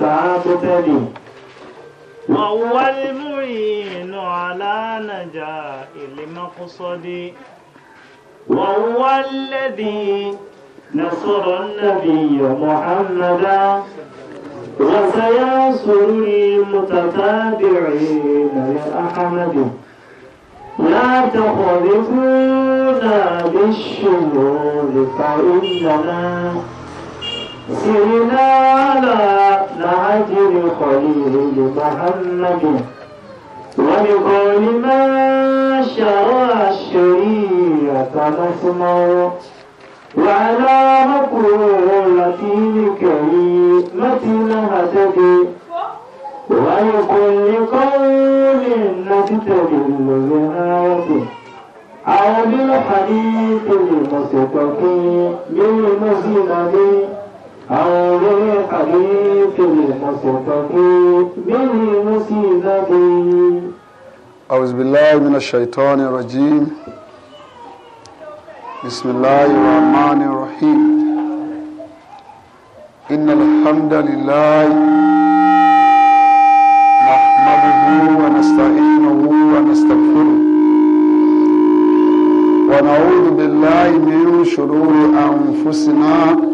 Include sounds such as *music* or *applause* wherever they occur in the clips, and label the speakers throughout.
Speaker 1: sábẹ́tẹ́lì. وهو المعين على نجاح المقصد وهو الذي نصر النبي محمدا وسينصر المتتابعين لأحمد لا تخذفونا بالشمول فإننا سرنا على لعجل خليل محمد وبقول من شرع الشريعة مسمع وعلى مقولة الكريمة نهتدي ولكل قول نستدل بآيته أو بالحديث المستقيم بالمسند
Speaker 2: أو للحديث الحسطة به أعوذ بالله من الشيطان الرجيم بسم الله الرحمن الرحيم إن الحمد لله نحمده ونستعينه ونستغفره ونعوذ بالله من شرور أنفسنا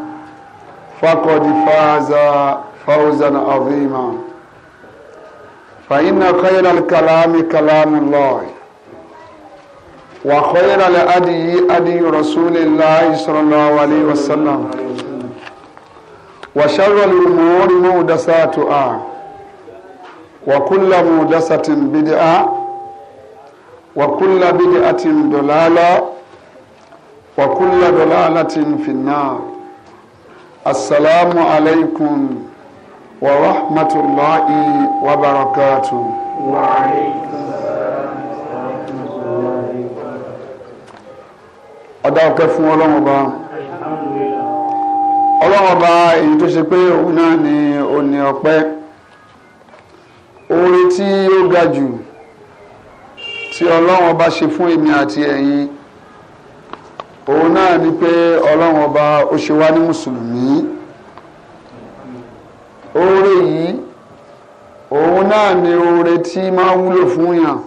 Speaker 2: فقد فاز فوزا عظيما فإن خير الكلام كلام الله وخير الأدي أدي رسول الله صلى الله عليه وسلم وشر الأمور مودساتها وكل مودسة بدعة وكل بدعة ضلالة وكل ضلالة في النار asalaamu alaykum wa rahmatulahi wa barakatu. wa alaykum
Speaker 1: salaam.
Speaker 2: ọ̀dà ọ̀kẹ́ fún ọlọ́run ọba ọlọ́run ọba èyí tó ṣe pé òun náà ni òní ọpẹ́ oore tí ó ga tí ọlọ́run ṣe fún èmi àti ẹ̀yin. òun náà ni pé ọlọ́run ọba ó ṣe wá ní mùsùlùmí oore yìí òun náà ni oore tí máa wúlò fún yàn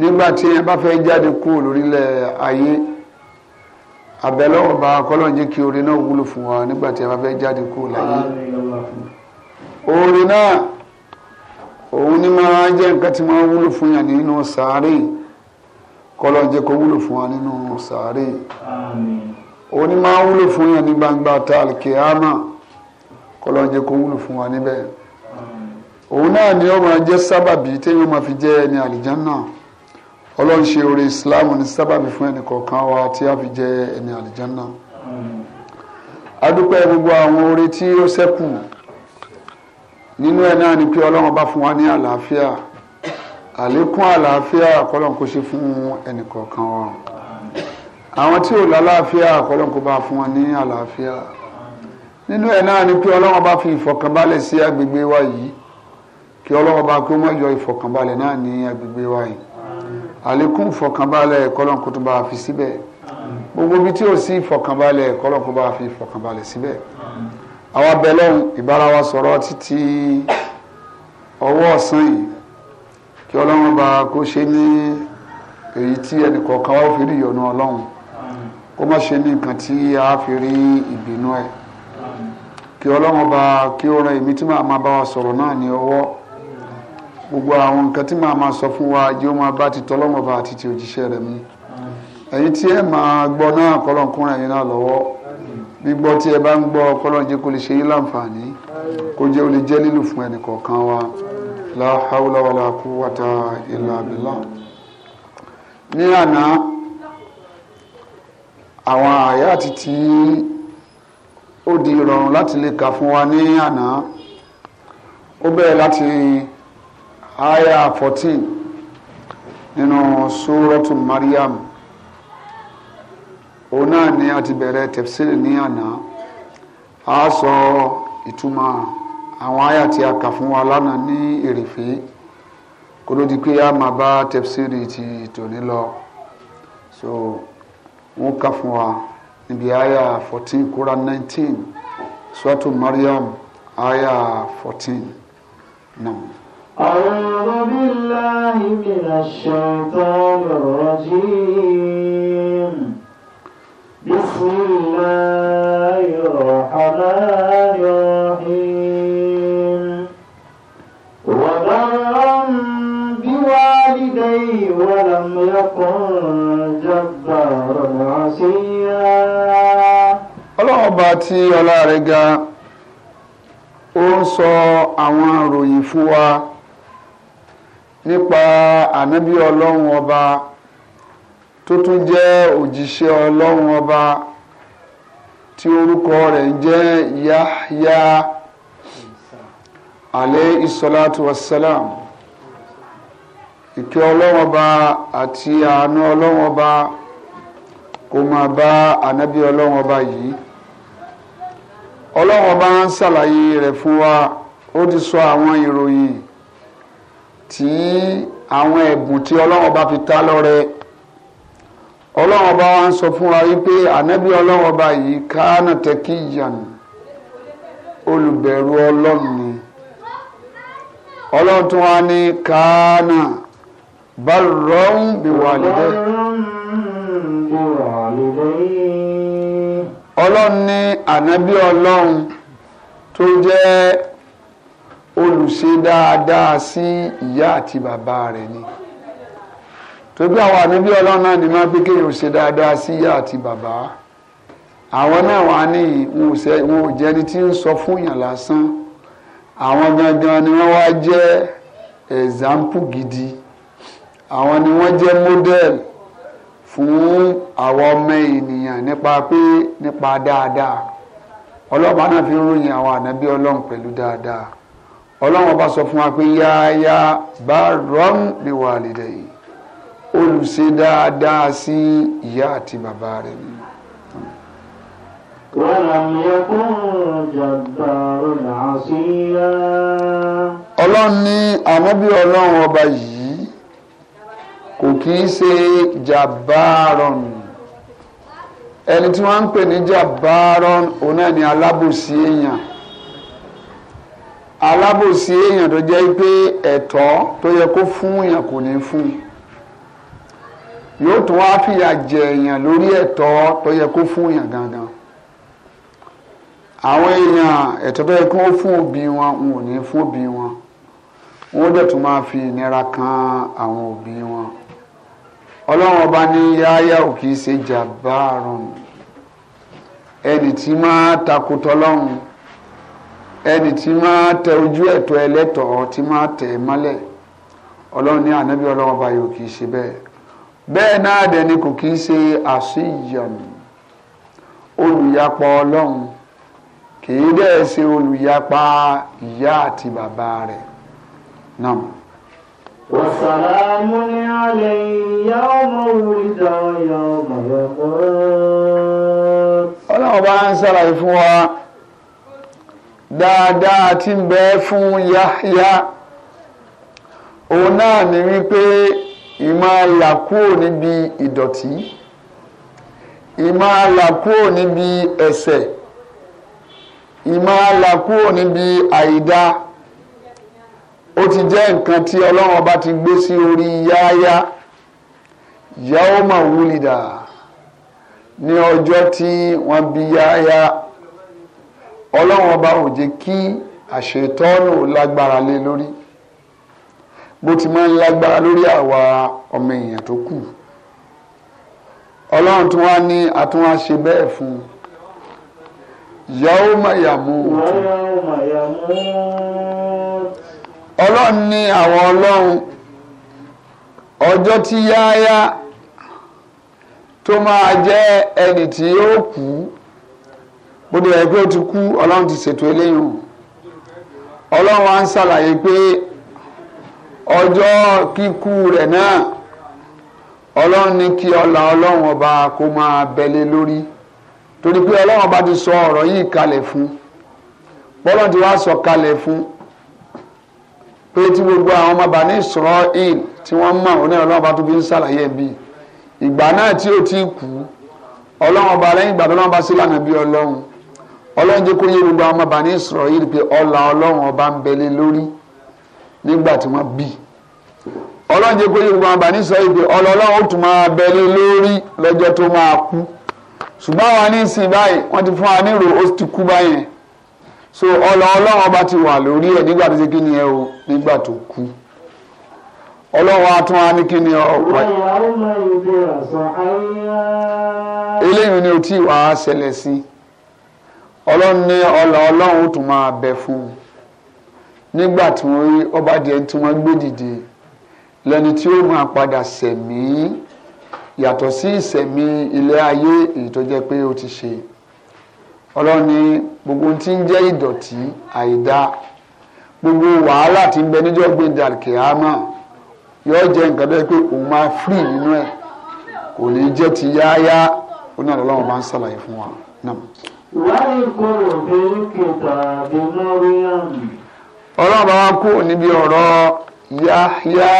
Speaker 2: nígbà tí yẹn bá fẹ́ jáde lórílẹ̀ ayé àbẹ̀lọ́wọ̀ bá kọ́lọ́n jẹ́ kí oore náà wúlò fún wa nígbà tí yẹn bá fẹ́ jáde láyé kọ́lọ́ jẹ́ kó wúlò fún wa nínú sàárè òun ni máa wúlò fún yàn ní gbangba ta alkeama kọ́lọ́ jẹ́ kó wúlò fún wa níbẹ̀ òun náà ni ó máa jẹ́ sábàbí téèyàn máa fi jẹ́ ẹni àlìjánná ọlọ́run ṣe oore islam ní sábàbí fún ẹnì kọ̀ọ̀kan wa tí a fi jẹ́ ẹni àlìjánná adúpẹ́ gbogbo àwọn oore tí ó ṣẹ́kù nínú ẹ̀ náà ni pé ọlọ́run bá fún wa ní àlàáfíà àlékún àlàáfíà kọ́lọ́n kó ṣe fún ẹnìkọ̀ọ̀kan wa àwọn tí ò lálàáfíà kọ́lọ́n kó bá fún wọn ní àlàáfíà nínú ẹ̀ náà ni pé ọlọ́run bá fi ìfọ̀kànbalẹ̀ sí agbègbè wa yìí kí ọlọ́run bá kí ó mọ̀jọ ìfọ̀kànbalẹ̀ náà ní agbègbè wa yìí àlékún ìfọ̀kànbalẹ̀ kọ́lọ́n tó bá fi síbẹ̀ gbogbo ibi tí ò sí ìfọ̀kànbalẹ̀ kọ́lọ́n bá fi ìfọ̀kànbalẹ̀ wa sọ̀rọ̀ kí ọlọ́run bá kó ṣe ní èyí tí ẹnì kọ̀ọ̀kan wa ó fi rí ìyọnu ọlọ́run kó má ṣe ní nǹkan tí a fi rí ìbínú ẹ̀ kí ọlọ́run bá kí ó ran èmi tí màá máa bá wa sọ̀rọ̀ náà ní ọwọ́ gbogbo àwọn nǹkan tí màá máa sọ fún wa jẹ́ ó máa bá ti tọ́lọ́run bá àti ti òjíṣẹ́ rẹ̀ mu ẹ̀yin tí ẹ máa gbọ́ náà kọ́lọ́nkúnra yín náà lọ́wọ́ gbígbọ́ tí ẹ bá ń gbọ́ kọ́lọ́n jẹ́ lè ṣe yín láǹfààní kó jẹ́ ó lè jẹ́ lílù fún ẹnì kọ̀ọ̀kan wa. la hawla wala quwwata illa billah ní àná àwọn àyà àti tí ó di ìrọ̀rùn láti le ka fún wa ní àná o bẹ̀rẹ̀ láti àyà 14 nínú sórọ́tù Maryam o náà ni a ti bẹ̀rẹ̀ tẹ̀sílì ní àná a sọ ìtumọ̀ àwọn àyà tí a kà fún wa lánàá ní èrèfé kó ló di pé a máa bá tẹfsiri ti tòní lọ so wọn kà fún wa níbi àyà fourteen kóra nineteen suratu Maryam àyà fourteen náà. أعوذ
Speaker 1: بالله من الشيطان الرجيم بسم الله الرحمن
Speaker 2: ọlọ́run ọba tí ọlá rẹ̀ ga ó ń sọ àwọn ròyìn fún wa nípa ànábì ọlọ́run ọba tó tún jẹ́ òjíṣẹ́ ọlọ́run ọba tí orúkọ rẹ̀ ń jẹ́ Yahya alayhi salatu wassalam ìkẹ́ ọlọ́run ọba àti àánú ọlọ́run ọba kó máa bá ànábì ọlọ́run ọba yìí ọlọ́run ọba ń ṣàlàyé rẹ̀ fún wa ó ti sọ àwọn ìròyìn tí àwọn ẹ̀bùn tí ọlọ́run ọba fi ta lọ́rẹ ọlọ́run ọba wa ń sọ fún wa wípé ànábì ọlọ́run ọba yìí káánà tẹ́kí ìyànà olùbẹ̀rù ọlọ́run ni ọlọ́run tún wá ní káánà bá rọrùn bí wà lẹ́dẹ́ ọlọ́run ní ànábì ọlọ́run tó jẹ́ olùṣe dáadáa sí ìyá àti bàbá rẹ̀ ni torí àwọn ànábì ọlọ́run náà ni máa pé kéèyàn ṣe dáadáa sí ìyá àti bàbá àwọn náà wà ní wọn ò jẹni tí ń sọ fún yàn lásán àwọn gangan ni wọ́n wá jẹ́ ẹ̀zámpù gidi àwọn ni wọ́n jẹ́ mọ́dẹ́lì fún àwọn ọmọ ènìyàn nípa pé nípa dáadáa ọlọ́ọ̀bá náà fi ròyìn àwọn ànábí ọlọ́run pẹ̀lú dáadáa ọlọ́run ọba sọ fún wa pé yáyá bá rọ́m lè wà lédè yìí olùṣe dáadáa sí ìyá àti bàbá rẹ̀ ni.
Speaker 1: ولم يكن جبار
Speaker 2: عصيا ọlọ́run ní ànábí ọlọ́run ọba yìí kò kì í ṣe jàbáàrọ̀n ẹni tí wọ́n ń pè ní jàbáàrọ̀n òun náà ni alábòsí èèyàn alábòsí èèyàn tó jẹ́ pé ẹ̀tọ́ tó yẹ kó fún èèyàn kò ní fún yóò tún wá fìyà jẹ èèyàn lórí ẹ̀tọ́ tó yẹ kó fún èèyàn gangan àwọn èèyàn ẹ̀tọ́ tó yẹ kó fún òbí wọn wọn ò ní fún òbí wọn wọ́n dẹ̀ tún máa fi ìnira kan àwọn òbí wọn ọlọ́run ọba ní yáyá ò kì í ṣe jàbáàrùn ẹni tí máa takùtọ̀ lọ́run ẹni tí máa tẹ ojú ẹ̀tọ́ ẹlẹ́tọ̀ọ́ tí máa tẹ̀ ẹ́ mọ́lẹ̀ ọlọ́run ní ànábì ọlọ́run ọba yóò kì í ṣe bẹ́ẹ̀ bẹ́ẹ̀ náà dẹ̀ ni kò kì í ṣe àṣìyànù olùyapa ọlọ́run kì í dẹ̀ ṣe olùyapa ìyá àti bàbá rẹ̀ náà.
Speaker 1: وسلام عليه يوم ولد ويوم يموت
Speaker 2: ọlọ́run bá ń ṣàlàyé fún wa dáadáa tí ń bẹ fún Yahya òun náà ní wípé ìmọ̀ là kúrò níbi ìdọ̀tí ìmọ̀ níbi ẹ̀ṣẹ̀ ìmọ̀ níbi àìdáa ó ti jẹ́ nǹkan tí ọlọ́run ọba ti gbé sí orí yáyá yàwó máa wúlidà ní ọjọ́ tí wọ́n bí yáyá ọlọ́run ọba ò jẹ́ kí àṣetọ́nù lágbára lé lórí bó ti máa ń lágbára lórí àwa ọmọ èèyàn tó kù ọlọ́run tí wọ́n á ní àtúnwáṣe bẹ́ẹ̀ fún un yàwó máa yàmú òtún. ọlọ́run ní àwọn ọlọ́run ọjọ́ tí yáyá tó máa jẹ́ ẹni tí yóò kú bóde ẹ̀ pé ó ti kú ọlọ́run ti ṣètò eléyìí ọlọ́run wa ń ṣàlàyé pé ọjọ́ kíkú rẹ̀ náà ọlọ́run ní kí ọlà ọlọ́run ọba kó máa bẹ̀lẹ̀ lórí torí pé ọlọ́run ọba ti sọ ọ̀rọ̀ yìí kalẹ̀ fún bọ́lọ́run ti wá sọ kalẹ̀ fún pé tí gbogbo àwọn ọmọ bàní Israel tí wọ́n mọ̀ ọ́n náà ọlọ́run bá tó fi ń ṣàlàyé bí ìgbà náà tí ò tí ì kú ọlọ́run ọba lẹ́yìn ìgbà tó náà bá sí lànà bí ọlọ́run ọlọ́run jẹ́ kó yé gbogbo àwọn ọmọ bàní Israel pé ọlà ọlọ́run ọba ń bẹ lé lórí nígbà tí wọ́n bí ọlọ́run jẹ́ kó yé gbogbo àwọn bàní Israel pé ọlọ́run ó tún máa bẹ lé so ọlọ ọlọ́run ọba ti wà lórí ẹ̀ nígbà tó ṣe kí ni ẹ o nígbà tó kú ọlọ́run atún wa ní kí ni ọ̀pẹ. eléyìí ni o tí wàá ṣẹlẹ̀ sí ọlọ́run ní ọlọ ọlọ́run tún máa bẹ fún un nígbà tí wọ́n rí ọba díẹ̀ tí wọ́n gbé dìde lẹ́ni tí ó máa padà sẹ̀mí yàtọ̀ sí ìsẹ̀mí ilé ayé èyí tó jẹ́ pé ó ti ṣe ọlọ́run ní gbogbo tí ń jẹ́ ìdọ̀tí gbogbo wàhálà tí ń bẹ níjọ́ gbẹ̀dẹ̀ àkèámà yóò jẹ́ nǹkan tó pé òun máa fírì nínú ẹ̀ kò ní jẹ́ ti yáyá ó bá ń ṣàlàyé fún wa náà. ọlọ́run bá wá níbi ọ̀rọ̀ yáyá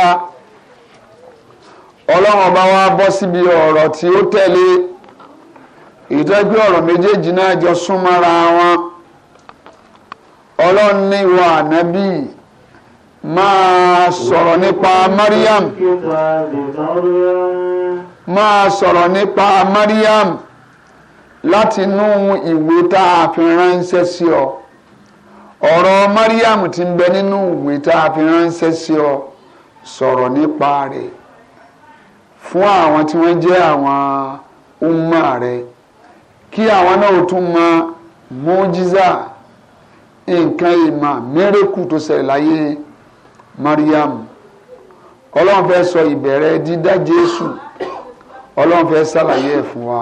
Speaker 2: ọlọ́run bá wá bọ́ síbi ọ̀rọ̀ tí ó tẹ̀lé. èyí tó gbé ọ̀rọ̀ méjèèjì náà jọ súnmọ́ra wọn ọlọ́run ní ìwọ ànábì máa sọ̀rọ̀ nípa Mariam máa sọ̀rọ̀ nípa Mariam látinú ìwé tá a fi ránṣẹ́ sí ọ ọ̀rọ̀ Mariam ti ń bẹ nínú ìwé tá a fi ránṣẹ́ sí ọ sọ̀rọ̀ nípa rẹ̀ fún àwọn tí wọ́n jẹ́ àwọn umma rẹ̀ kí àwọn náà tún mọ mọ́jísà nǹkan ìmọ̀ mẹ́rẹ́kù tó ṣẹlẹ̀ láyé Mariam ọlọ́run fẹ́ sọ ìbẹ̀rẹ̀ dídá Jésù ọlọ́run fẹ́ ṣàlàyé ẹ̀ fún wa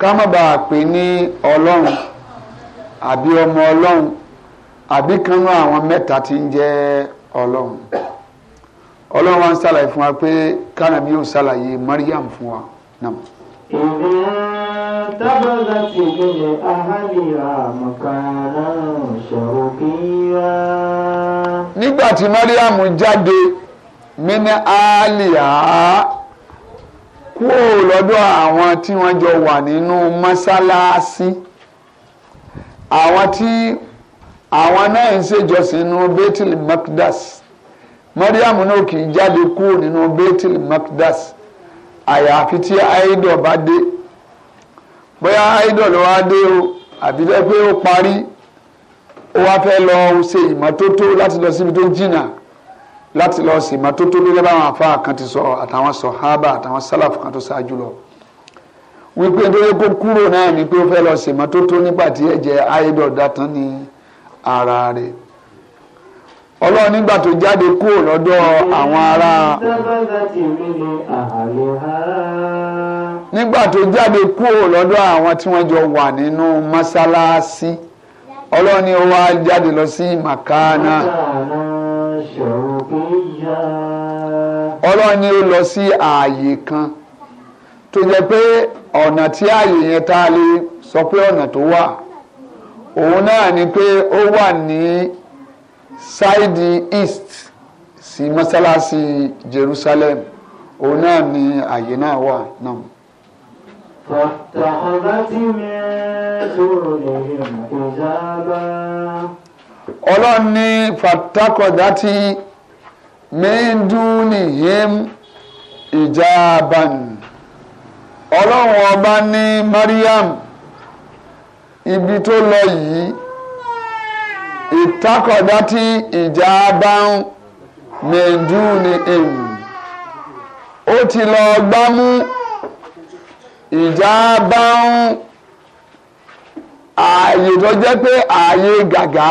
Speaker 2: ká má bàa pè ní ọlọ́run àbí ọmọ ọlọ́run àbí kanú àwọn mẹ́ta tí ń jẹ́ ọlọ́run ọlọ́run wa ń ṣàlàyé fún wa pé kánàbí ò ṣàlàyé Mariam fún wa náà.
Speaker 1: إذ انتبذت من أهلها مكانا
Speaker 2: شرقيا nígbà tí Máríàmù jáde mini aliya kúrò lọ́dọ̀ àwọn tí wọ́n jọ wà nínú mọ́sálásí àwọn tí àwọn náà ń ṣèjọsìn nínú Bethel Makdas Máríàmù náà kì í jáde kúrò nínú Bethel Makdas àyàfi tí áìdọ̀ bá dé bóyá áìdọ̀ ló wá dé o àbí fẹ́ pé ó parí ó wá fẹ́ lọ ṣe ìmọ́tótó láti lọ síbi tó jìnnà láti lọ sí ìmọ́tótó lórí báwọn àfáà kan ti sọ àtàwọn sọ̀hábà àtàwọn sálàfù kan tó ṣáájú lọ wípé nítorí kó kúrò náà ni pé ó fẹ́ lọ ṣèmọ́tótó nígbà tí ẹ̀jẹ̀ áìdọ̀ dátán ní ara rẹ̀ ọlọ́run nígbà tó jáde kúrò lọ́dọ̀ àwọn ará. nígbà tó jáde kúrò lọ́dọ̀ àwọn tí wọ́n jọ wà nínú mọ́sálásí
Speaker 1: ọlọ́run ni ó wá jáde
Speaker 2: lọ sí màkánà. ọlọ́run ni ó lọ sí ààyè kan tó jẹ́ pé ọ̀nà tí ààyè yẹn tá a lè sọ pé ọ̀nà tó wà òun náà ni pé ó wà ní sáìdì east sí mọ́sálásí Jerusalem òun náà ni àyè náà wà náà. فاتخذت من دونهم حجابا ọlọ́run ní fàtàkọ̀dátì mẹ́ndúnìhìm ìjàbàn ọlọ́run ọba ní Mariam ibi tó lọ yìí ìtakọ̀dá tí ìjà bá ń mẹ́ndú ni èm ó ti lọ gbámú ìjà bá ń ààyè tó jẹ́ pé ààyè gàgá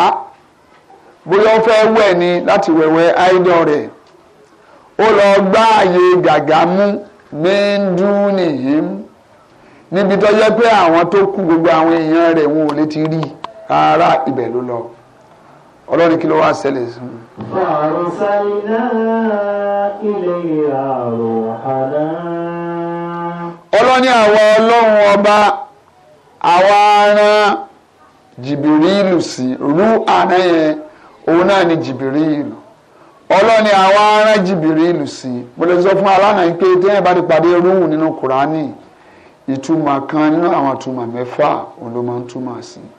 Speaker 2: bóyá ó fẹ́ wẹ̀ ni láti wẹ̀wẹ̀ idol rẹ̀ ó lọ gbá ààyè gàgá mú mẹ́ndú ni èm níbi tó jẹ́ pé àwọn tó kú gbogbo àwọn èèyàn rẹ̀ wọn ò lè ti rí ara ibẹ̀ ló lọ ọlọ́run kí ló wá ṣẹlẹ̀ sí
Speaker 1: i. àrùsálínà
Speaker 2: ilé àròhànà. ọlọ́ni àwa ọlọ́run ọba àwa aran jìbìrìlù sí rú àná yẹn òun náà ni jìbìrìlù ọlọ́ni àwa aran jìbìrìlù sí mo lè sọ fún alánà yìí pé téèyàn bá ti pàdé rúhùn nínú kùránì ìtumọ̀ kan nínú àwọn ìtumọ̀ mẹ́fà òun ló máa ń túmọ̀ sí i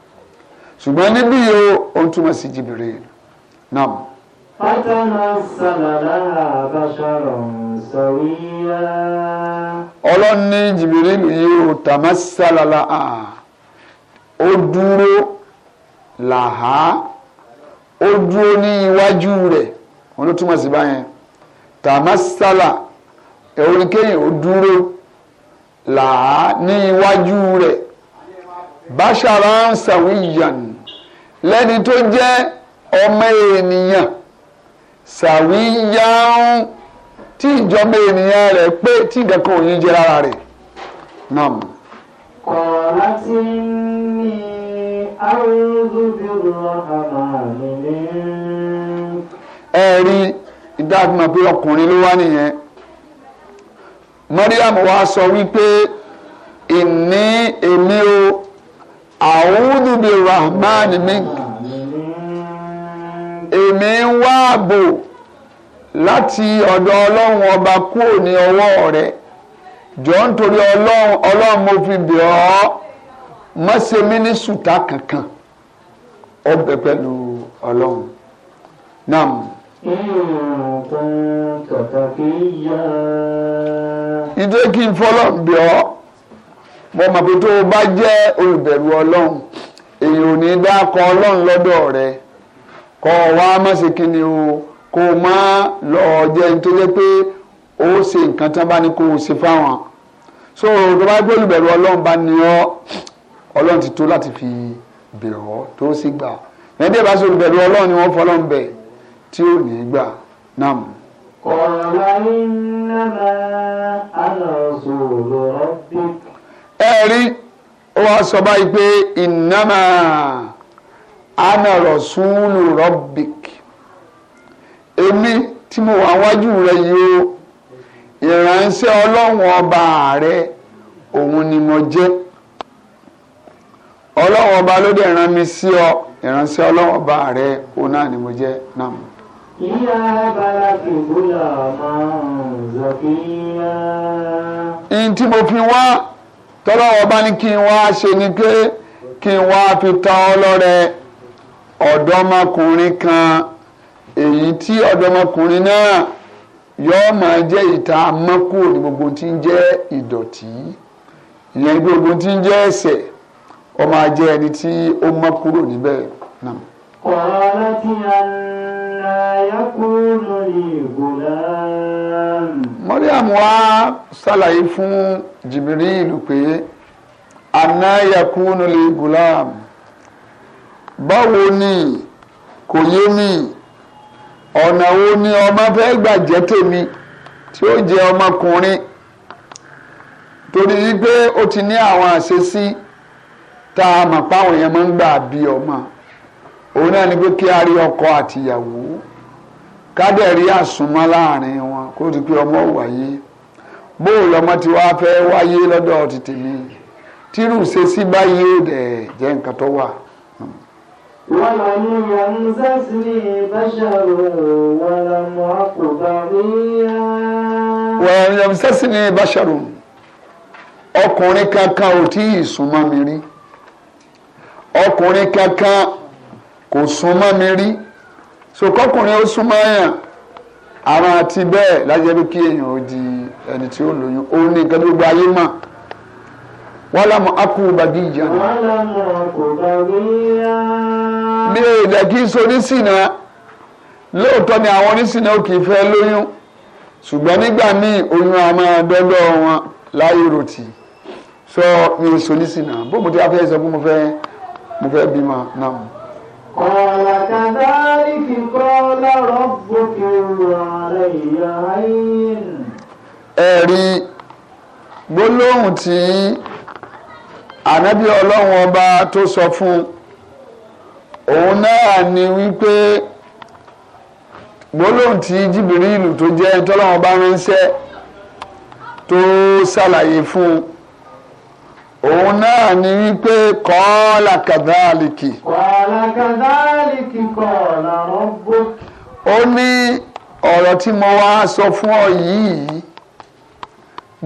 Speaker 2: ṣùgbọ́n níbí yìí ó ń túmọ̀ sí Jibril náà.
Speaker 1: فتنسم لها بشرا سويا
Speaker 2: ọlọ́run ní jìbìrìlù yìí ó tàmásálàlà á ó dúró làhá ó dúró ní iwájú rẹ̀ wọn ló túmọ̀ sí báyẹn tàmásálà ẹ̀wọ̀n kéèyàn ó dúró làhá ní iwájú rẹ̀ báṣára sàwíyàn lẹ́ni tó jẹ́ ọmọ ènìyàn sàwíyàn tí ìjọba ènìyàn rẹ̀ pé tí ìdẹ́kun òyìn jẹ́ lára rẹ̀ nam.
Speaker 1: kọ̀ọ̀lá tí ń ní àrùndùn bí
Speaker 2: rahman ní. ẹ rí ìdáàbòmọ̀ pé ọkùnrin ló wá nìyẹn Mariam wá sọ wípé ìní èmi o. àwùdù bíi rahman minka èmi láti ọ̀dọ̀ ọlọ́run ọba kúrò ní ọwọ́ jọ nítorí ọlọ́run ọlọ́run mo fi bẹ̀ ọ́ má ṣe mí ní kankan ó pẹ̀lú ọlọ́run náà. ìdè kí n fọlọ́ bẹ̀ ọ́. mo mọ̀ pé tó o bá jẹ́ olùbẹ̀rù ọlọ́run èyí ò ní dákọ ọlọ́run lọ́dọ̀ rẹ kọ́ ọ má ṣe kí o kó má lọ jẹ́ nítorí pé o ṣe nǹkan tán bá ní kó o ṣe fáwọn so tó bá gbé olùbẹ̀rù ọlọ́run bá ní ọ ọlọ́run ti tó láti fi bẹ̀rù ọ tó sì gbà ẹni bá ṣe olùbẹ̀rù ọlọ́run ni wọ́n fọlọ́run bẹ̀ tí ò ní gbà náà.
Speaker 1: ọ̀rọ̀ ìnáwó
Speaker 2: àlọ́ sọ̀rọ̀ rọ́bì. ẹ rí sọ báyìí pé ìnáma ana rasulu rabbik èmi tí mo wà wájú rẹ yìí o ìránṣẹ́ ọlọ́run ọba òun ni mo jẹ́ ọlọ́run ọba ló dẹ̀ rán mi sí ọ ìránṣẹ́ ọlọ́run ọba rẹ òun náà ni mo jẹ́ náà. máa ń tí mo fi wá. tọ́lọ́wọ́ bá ní kí n wá ṣe ni pé kí n wá fi ta lọ́rẹ kan èyí tí ọ̀dọ́mọkùnrin náà yóò máa jẹ́ ìta mọ́kúrò ní gbogbo tí ń jẹ́ ìdọ̀tí ìyẹn gbogbo tí ń jẹ́ ẹ̀sẹ̀ máa jẹ́ ẹni tí ó níbẹ̀ náà. sàlàyé fún Jibril pé anayakunu li gulam báwo ni kò yé mi ọ̀nà wo ni ọmọ fẹ́ gbà jẹ́ tèmi tí ó jẹ ọmọkùnrin torí wípé ó ti ní àwọn àṣesí tá a mọ̀ páwọn èèyàn máa ń gbà bí ọmọ òun náà ni pé ọkọ àtìyàwó rí bó o lọ́mọ tí wàá fẹ́ wáyé lọ́dọ̀ ti tèmi tírù ṣe sí báyé dẹ̀ jẹ́ nǹkan tó wà. ولم
Speaker 1: يمسسني بشر ولم أك بغيا
Speaker 2: ولم يمسسني بشر ọkùnrin kankan ò tí ì súnmọ́ mi rí ọkùnrin kankan kò súnmọ́ mi rí sòkòkùnrin ó súnmọ́ yàn àwọn àti bẹ́ẹ̀ lájẹ́ bí kí èèyàn ó di ẹni tí ó lóyún òun ní nǹkan tó gbogbo ayé mọ̀ wọ́n lámọ̀ akú bàbí ìjà. wọ́n
Speaker 1: lámọ̀ kò bàbí yá.
Speaker 2: mi ò dẹ̀ kí n so onísìnà lóòótọ́ ni àwọn onísìnà ò kì í fẹ́ lóyún ṣùgbọ́n nígbà míì oyún a máa dọ́dọ̀ wọn láyé rotì sọ mi ò so onísìnà bó mo ti wá fẹ́ sọ pé mo fẹ́ mo fẹ́ bímọ náà.
Speaker 1: قال كذلك قال ربك علي
Speaker 2: هين ẹ̀rí gbólóhùn tí ànábì ọlọ́run ọba tó sọ fún òun náà ni wípé gbólóhùn tí jìbìrì tó jẹ́ tọ́lọ́run ọba ránṣẹ́ tó ṣàlàyé fún un òun náà ni wípé kọ́ọ́lá kàdáàlìkì.
Speaker 1: kọ́ọ́lá kàdáàlìkì
Speaker 2: kọ́ọ́lá rọ́gbó. ó ní ọ̀rọ̀ tí mo wá sọ fún ọ yìí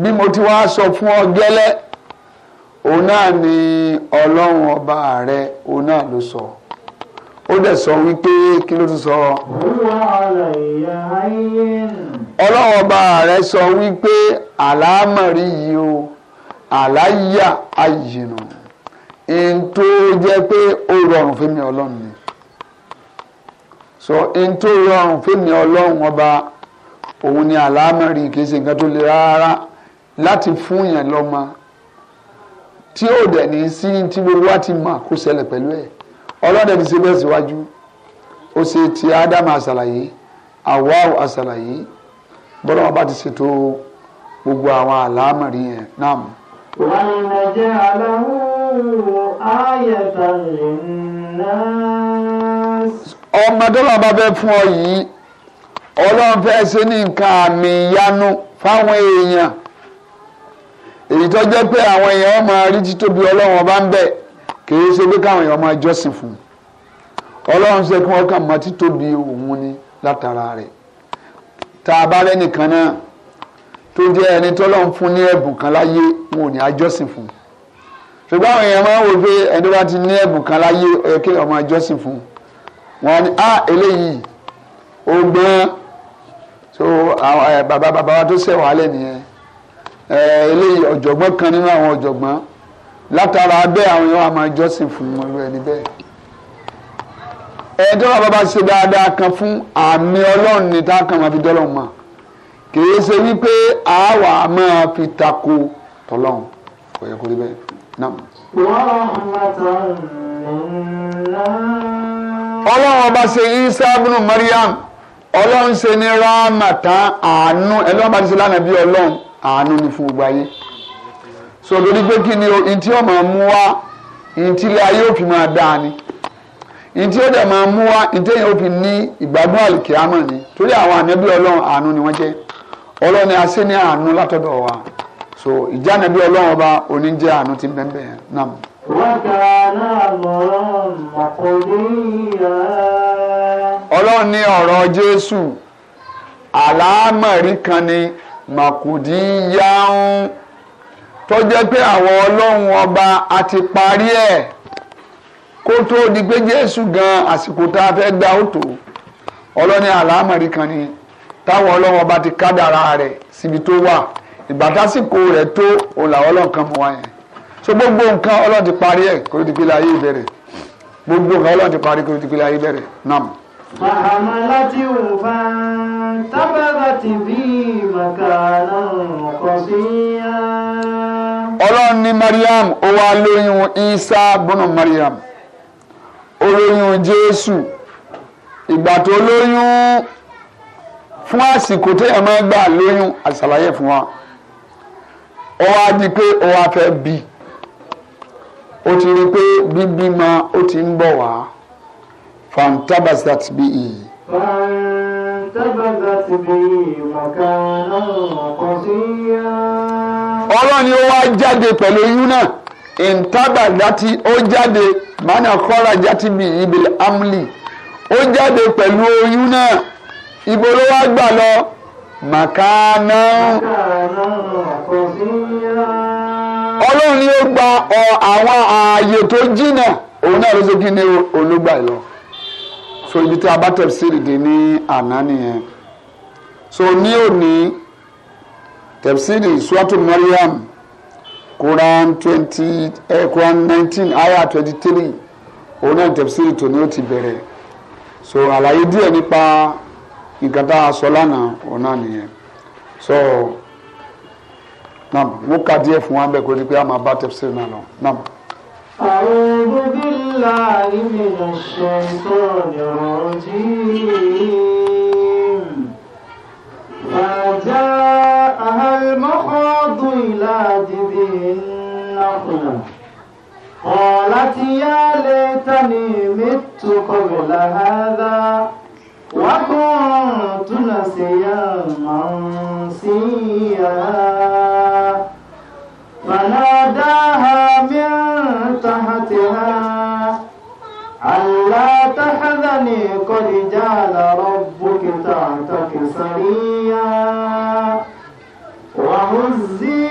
Speaker 2: bí mo ti wá sọ fún ọ gẹ́lẹ́ òun náà ni ọlọ́run ọba rẹ òun náà ló sọ ó dẹ̀ sọ wípé kí ló tún sọ. ọlọ́run ọba rẹ sọ wípé àlámọ̀rí yìí o àláyà àyìnà n tó jẹ́ pé ó rọrùn fún mi ọlọ́run ni so n tó rọrùn fún mi ọlọ́run ọba òun ni àlámẹ́rin kì í ṣe nǹkan tó le rárá láti fún yẹn lọ́mọ tí ó dẹ̀ ní sí tí gbogbo wa ti mọ̀ kó ṣẹlẹ̀ pẹ̀lú ẹ̀ ọlọ́dẹ̀ ti ṣe bẹ́ẹ̀ síwájú ó ṣe ti ádámù àṣàlàyé àwáwò àṣàlàyé bọ́lá ti ṣètò gbogbo àwọn àlámẹ́rin yẹn náà
Speaker 1: ولنجعله آية للناس
Speaker 2: ọmọ tó lọ́ba fẹ́ fún ọ yìí ọlọ́run fẹ́ ṣe ní nǹkan àmì ìyanu fáwọn èèyàn èyí tó jẹ́ pé àwọn èèyàn ọmọ rí títóbi ọlọ́run ọba ń bẹ̀ kìí ṣe pé káwọn èèyàn máa jọ́sìn fún un ṣe kí wọ́n kàn mọ́ títóbi òun ni látara rẹ̀ tá a bá rẹ́nìkan náà tó jẹ́ ẹni tọ́lọ́run fún ní ẹ̀bùn kan láyé wọn ò ní àjọsìn fún ṣùgbọ́n àwọn èèyàn máa ń wò pé ẹni bá ti ní ẹ̀bùn kan láyé ẹ kí ọmọ àjọsìn fún wọn ni a eléyìí ó gbọ́n so bàbá bàbá wa tó ṣẹ̀ wàhálẹ̀ nìyẹn eléyìí ọ̀jọ̀gbọ́n kan nínú àwọn ọ̀jọ̀gbọ́n látara bẹ́ẹ̀ àwọn èèyàn wa máa jọ́sìn fún irú ẹni bẹ́ẹ̀ ẹni tó bá bàbá ṣe dáadáa kan fún àmì ọlọ́run ni tá a kàn máa fi dọ́lọ́run mọ́ kìí ṣe wípé àwa máa fi tako tọlọ́run kò yẹ kó rí bẹ́ẹ̀ náà. ọlọ́run ọba ṣe Isa bínú Mariam ọlọ́run ṣe ní rámàtà àánú ẹni wọ́n bá ti ṣe lánàá bí ọlọ́run àánú ni fún gbogbo ayé so lórí pé kí ni o ntí ó máa mú wá ntí ilé ayé òfin máa dáa ni ntí ó dẹ̀ máa mú wá ntí èyàn òfin ní ìgbádùn àlìkè ni torí àwọn ànábì ọlọ́run àánú ni wọ́n jẹ́ ọlọ́run ni a ṣe ní àánú látọ̀dọ̀ wa so ìjánabi ọlọ́run ọba oníjẹ́ àánú ti bẹ́ẹ̀ náà.
Speaker 1: ọlọ́run ní ọ̀rọ̀
Speaker 2: jésù àlámọ̀rí kan ni màkùdí yá ń tó jẹ́ pé àwọn ọlọ́run ọba a ti parí ẹ̀ kó tó di pé jésù gan àsìkò tá a fẹ́ gbà ó tó ọlọ́ni àlámọ̀rí kan ni táwọn ọlọ́run ọba ti kádàrá rẹ̀ síbi tó wà ìgbà rẹ̀ tó òun làwọn ọlọ́run wa yẹn so gbogbo nǹkan ọlọ́run parí ẹ̀ kó ló ti pé láyé ìbẹ̀rẹ̀ gbogbo nǹkan ọlọ́run parí kó ló ti pé láyé ìbẹ̀rẹ̀ nam.
Speaker 1: fàhámà láti òfà tábàbà ti bí màkàlà
Speaker 2: ọkọ̀ sí ọlọ́run ní Mariam ó wá lóyún Isa bùnú Mariam ó lóyún Jésù ìgbà tó lóyún fún àsìkò téèyàn máa gbà lóyún àṣàlàyé fún wa ó wá di pé ó wá fẹ́ bí ó ti rí i pé bíbímọ ó ti ń bọ̀ wá fantabasat bí i.
Speaker 1: fantabasat bí i mọ̀kànlá ọ̀kan sí
Speaker 2: ó wá jáde pẹ̀lú oyún náà ìntàbàdàtì ó jáde mánà kọ́ra játì bí ibi amli ó jáde pẹ̀lú oyún náà ibo ló wá gbà lọ màkánà ọlọ́run ni ó gba àwọn ààyè tó jìnnà òun náà ló ṣe kí ni olùgbà lọ so ibi tí a bá tẹ̀ sí ìdí ní àná nìyẹn so ní òní tẹ̀síìdì suwatu Maryam Quran twenty eh, Quran nineteen ayah twenty three òun náà tẹ̀síìdì tòní ó ti bẹ̀rẹ̀ so àlàyé díẹ̀ nípa nǹkan tá a sọ lánàá òun nìyẹn so nam mo ka díẹ̀ fún wa bẹ́ẹ̀ kó di pé a máa bá tẹ̀sí náà lọ nam.
Speaker 1: أعوذ بالله من الشيطان الرجيم فجاءها المخاض إلى جذع النخلة قالت يا ليتني مت قبل هذا وكنت نسيا منسيا
Speaker 2: فناداها
Speaker 1: من تحتها ألا تحزني قد جعل ربك تحتك سريا وهزي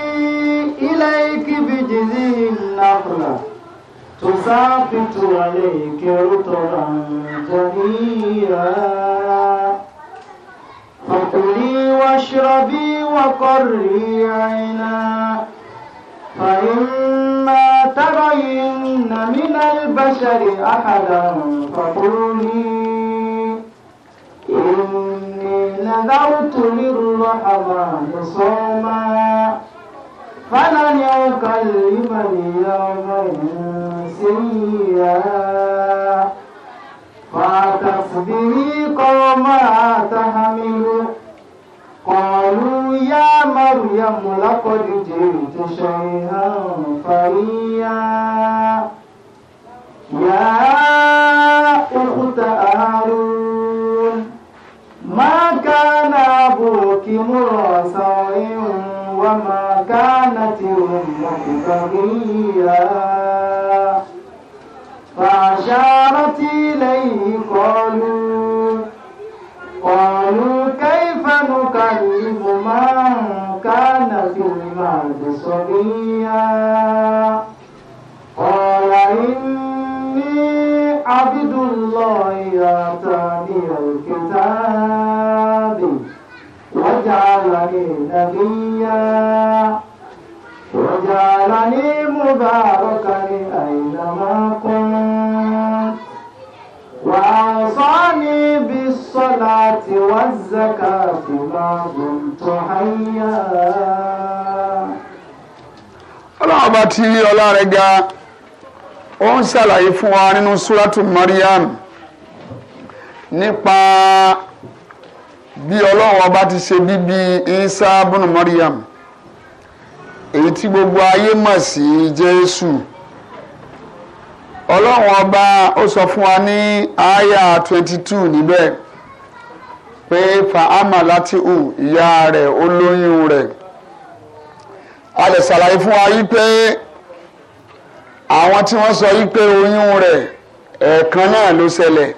Speaker 1: إليك بجذع النخلة تثابت عليك رطبا جنيا فكلي واشربي وقري عينا فإما ترين من البشر أحدا فقولي إني نذرت للرحمن صوما فلن يكلمني يومئذ سيئا فتصبري قوما تحمل قالوا يا مريم لقد جئت شيئا فريا يا أخت هارون ما كان أبوك مرسلا وما كانت أمك بغيا فأشارت إليه قالوا قالوا كيف نكلم من كان في المهد صبيا قال إني عبد الله آتاني الكتاب نبيا وجعلني مباركا أينما كنت وأوصاني بالصلاة والزكاة ما دمت حيا
Speaker 2: ọlọ́run bá ti rí ọlá rẹ̀ ga ó ń ṣàlàyé fún wa nínú súrátù Maryam nípa bí ọlọ́run ọba ti ṣe bíbí isa bùnú Mariam èyí tí gbogbo ayé mọ̀ sí Jésù ọlọ́run ọba ó sọ fún wa ní aya twenty two níbẹ̀ pé fàámà láti hù ìyá rẹ̀ olóyún rẹ̀ a lè ṣàlàyé fún wa yìí pé àwọn tí wọ́n sọ yìí pé oyún rẹ̀ ẹ̀ẹ̀kan náà ló ṣẹlẹ̀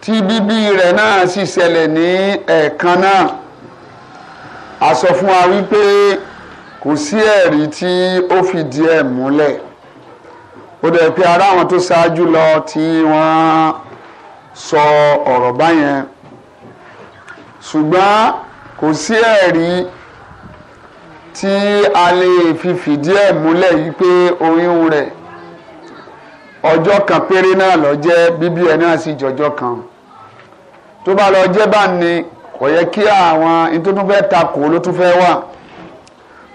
Speaker 2: tí bíbí rẹ̀ náà sì ṣẹlẹ̀ ní ẹ̀ẹ̀kan náà a sọ fún wa wípé kò sí ẹ̀rí tí ó fìdí ẹ̀ múlẹ̀ ó dẹ̀ pé ara àwọn tó ṣáájú lọ tí wọ́n sọ ọ̀rọ̀ báyẹn ṣùgbọ́n kò sí ẹ̀rí tí a lè fi fìdí ẹ̀ múlẹ̀ yìí pé oyún rẹ̀ ọjọ́ kan péré náà lọ jẹ́ bíbí ẹ̀ náà sì jọjọ́ kan tó bá lọ jẹ́ bá ní kò yẹ kí àwọn ìtúntún fẹ́ takò ló tún fẹ́ wà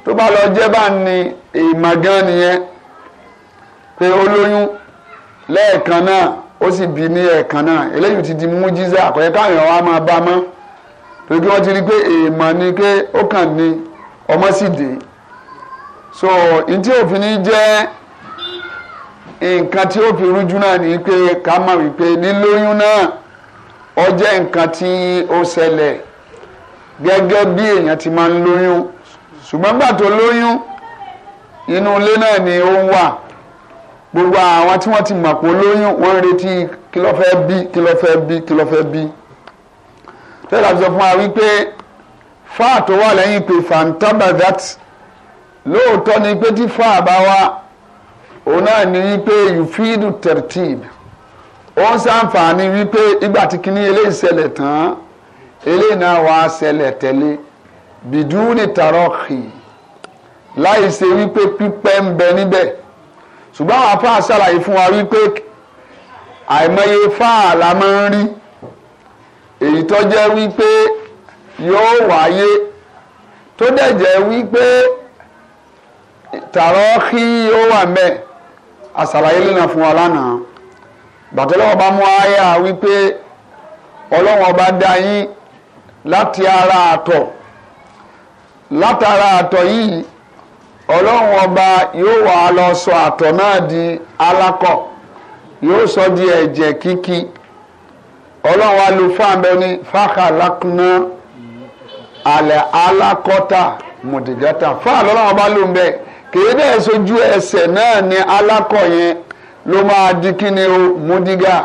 Speaker 2: tó bá lọ jẹ́ bá ní ìmọ̀gán nìyẹn pé olóyún lẹ́ẹ̀kan náà ó sì bí ní ẹ̀ẹ̀kan náà eléyìí ti di mújísà kò yẹ káwọn èèyàn wa máa bá mọ́ torí kí wọ́n ti pé ni pé ó kàn ní ọmọ sì dé so ntí òfin ní jẹ́ nǹkan tí ó fi rújú náà ni pé ká ó jẹ́ nǹkan tí ó ṣẹlẹ̀ gẹ́gẹ́ bí èèyàn ti máa ń lóyún ṣùgbọ́n gbà tó lóyún inú ilé náà ni ó ń wà gbogbo àwọn tí wọ́n ti mọ̀ pé lóyún wọ́n ń retí kí ló fẹ́ bí kí ló fẹ́ bí kí ló fẹ́ bí. tẹ́lẹ̀ sọ fún wa wípé fáà tó wà lẹ́yìn pé fantabadat lóòótọ́ ni pé tí fáà bá wá òun náà ní wípé yufidu tertib ó ń ṣàǹfààní wípé ìgbà tí kinní eléyìí ṣẹlẹ̀ tán eléyìí náà wá ṣẹlẹ̀ tẹ̀lé bìdúrì tàrọ́ọ̀kì láì ṣe wípé pípẹ́ ń bẹ níbẹ̀ ṣùgbọ́n àwọn afáà ṣàlàyé fún wa wípé àìmọye fáà la máa ń rí èyí tó jẹ́ wípé yóò wáyé tó dẹ̀ jẹ́ wípé tàrọ́ọ̀kì yóò wà mẹ́ àṣàlàyé lónà fún wa lánàá gbàtọ́lọ́wọ́ bá mú àyà wípé ọlọ́wọ́n ọba dá yín láti ara àtọ̀ látara àtọ̀ yìí ọlọ́run ọba yóò wà lọ sọ àtọ̀ náà di alákọ̀ yóò sọ di ẹ̀jẹ̀ kíkì ọlọ́run wa lu fáàmẹ́ ní fákàlákùnà àlẹ́ alákọ́tà mọ̀dìgátà fáà lọ́lọ́run ọba ló ń bẹ kèé sojú ẹsẹ̀ náà ní alákọ̀ yẹn ló máa di kíni o múdígà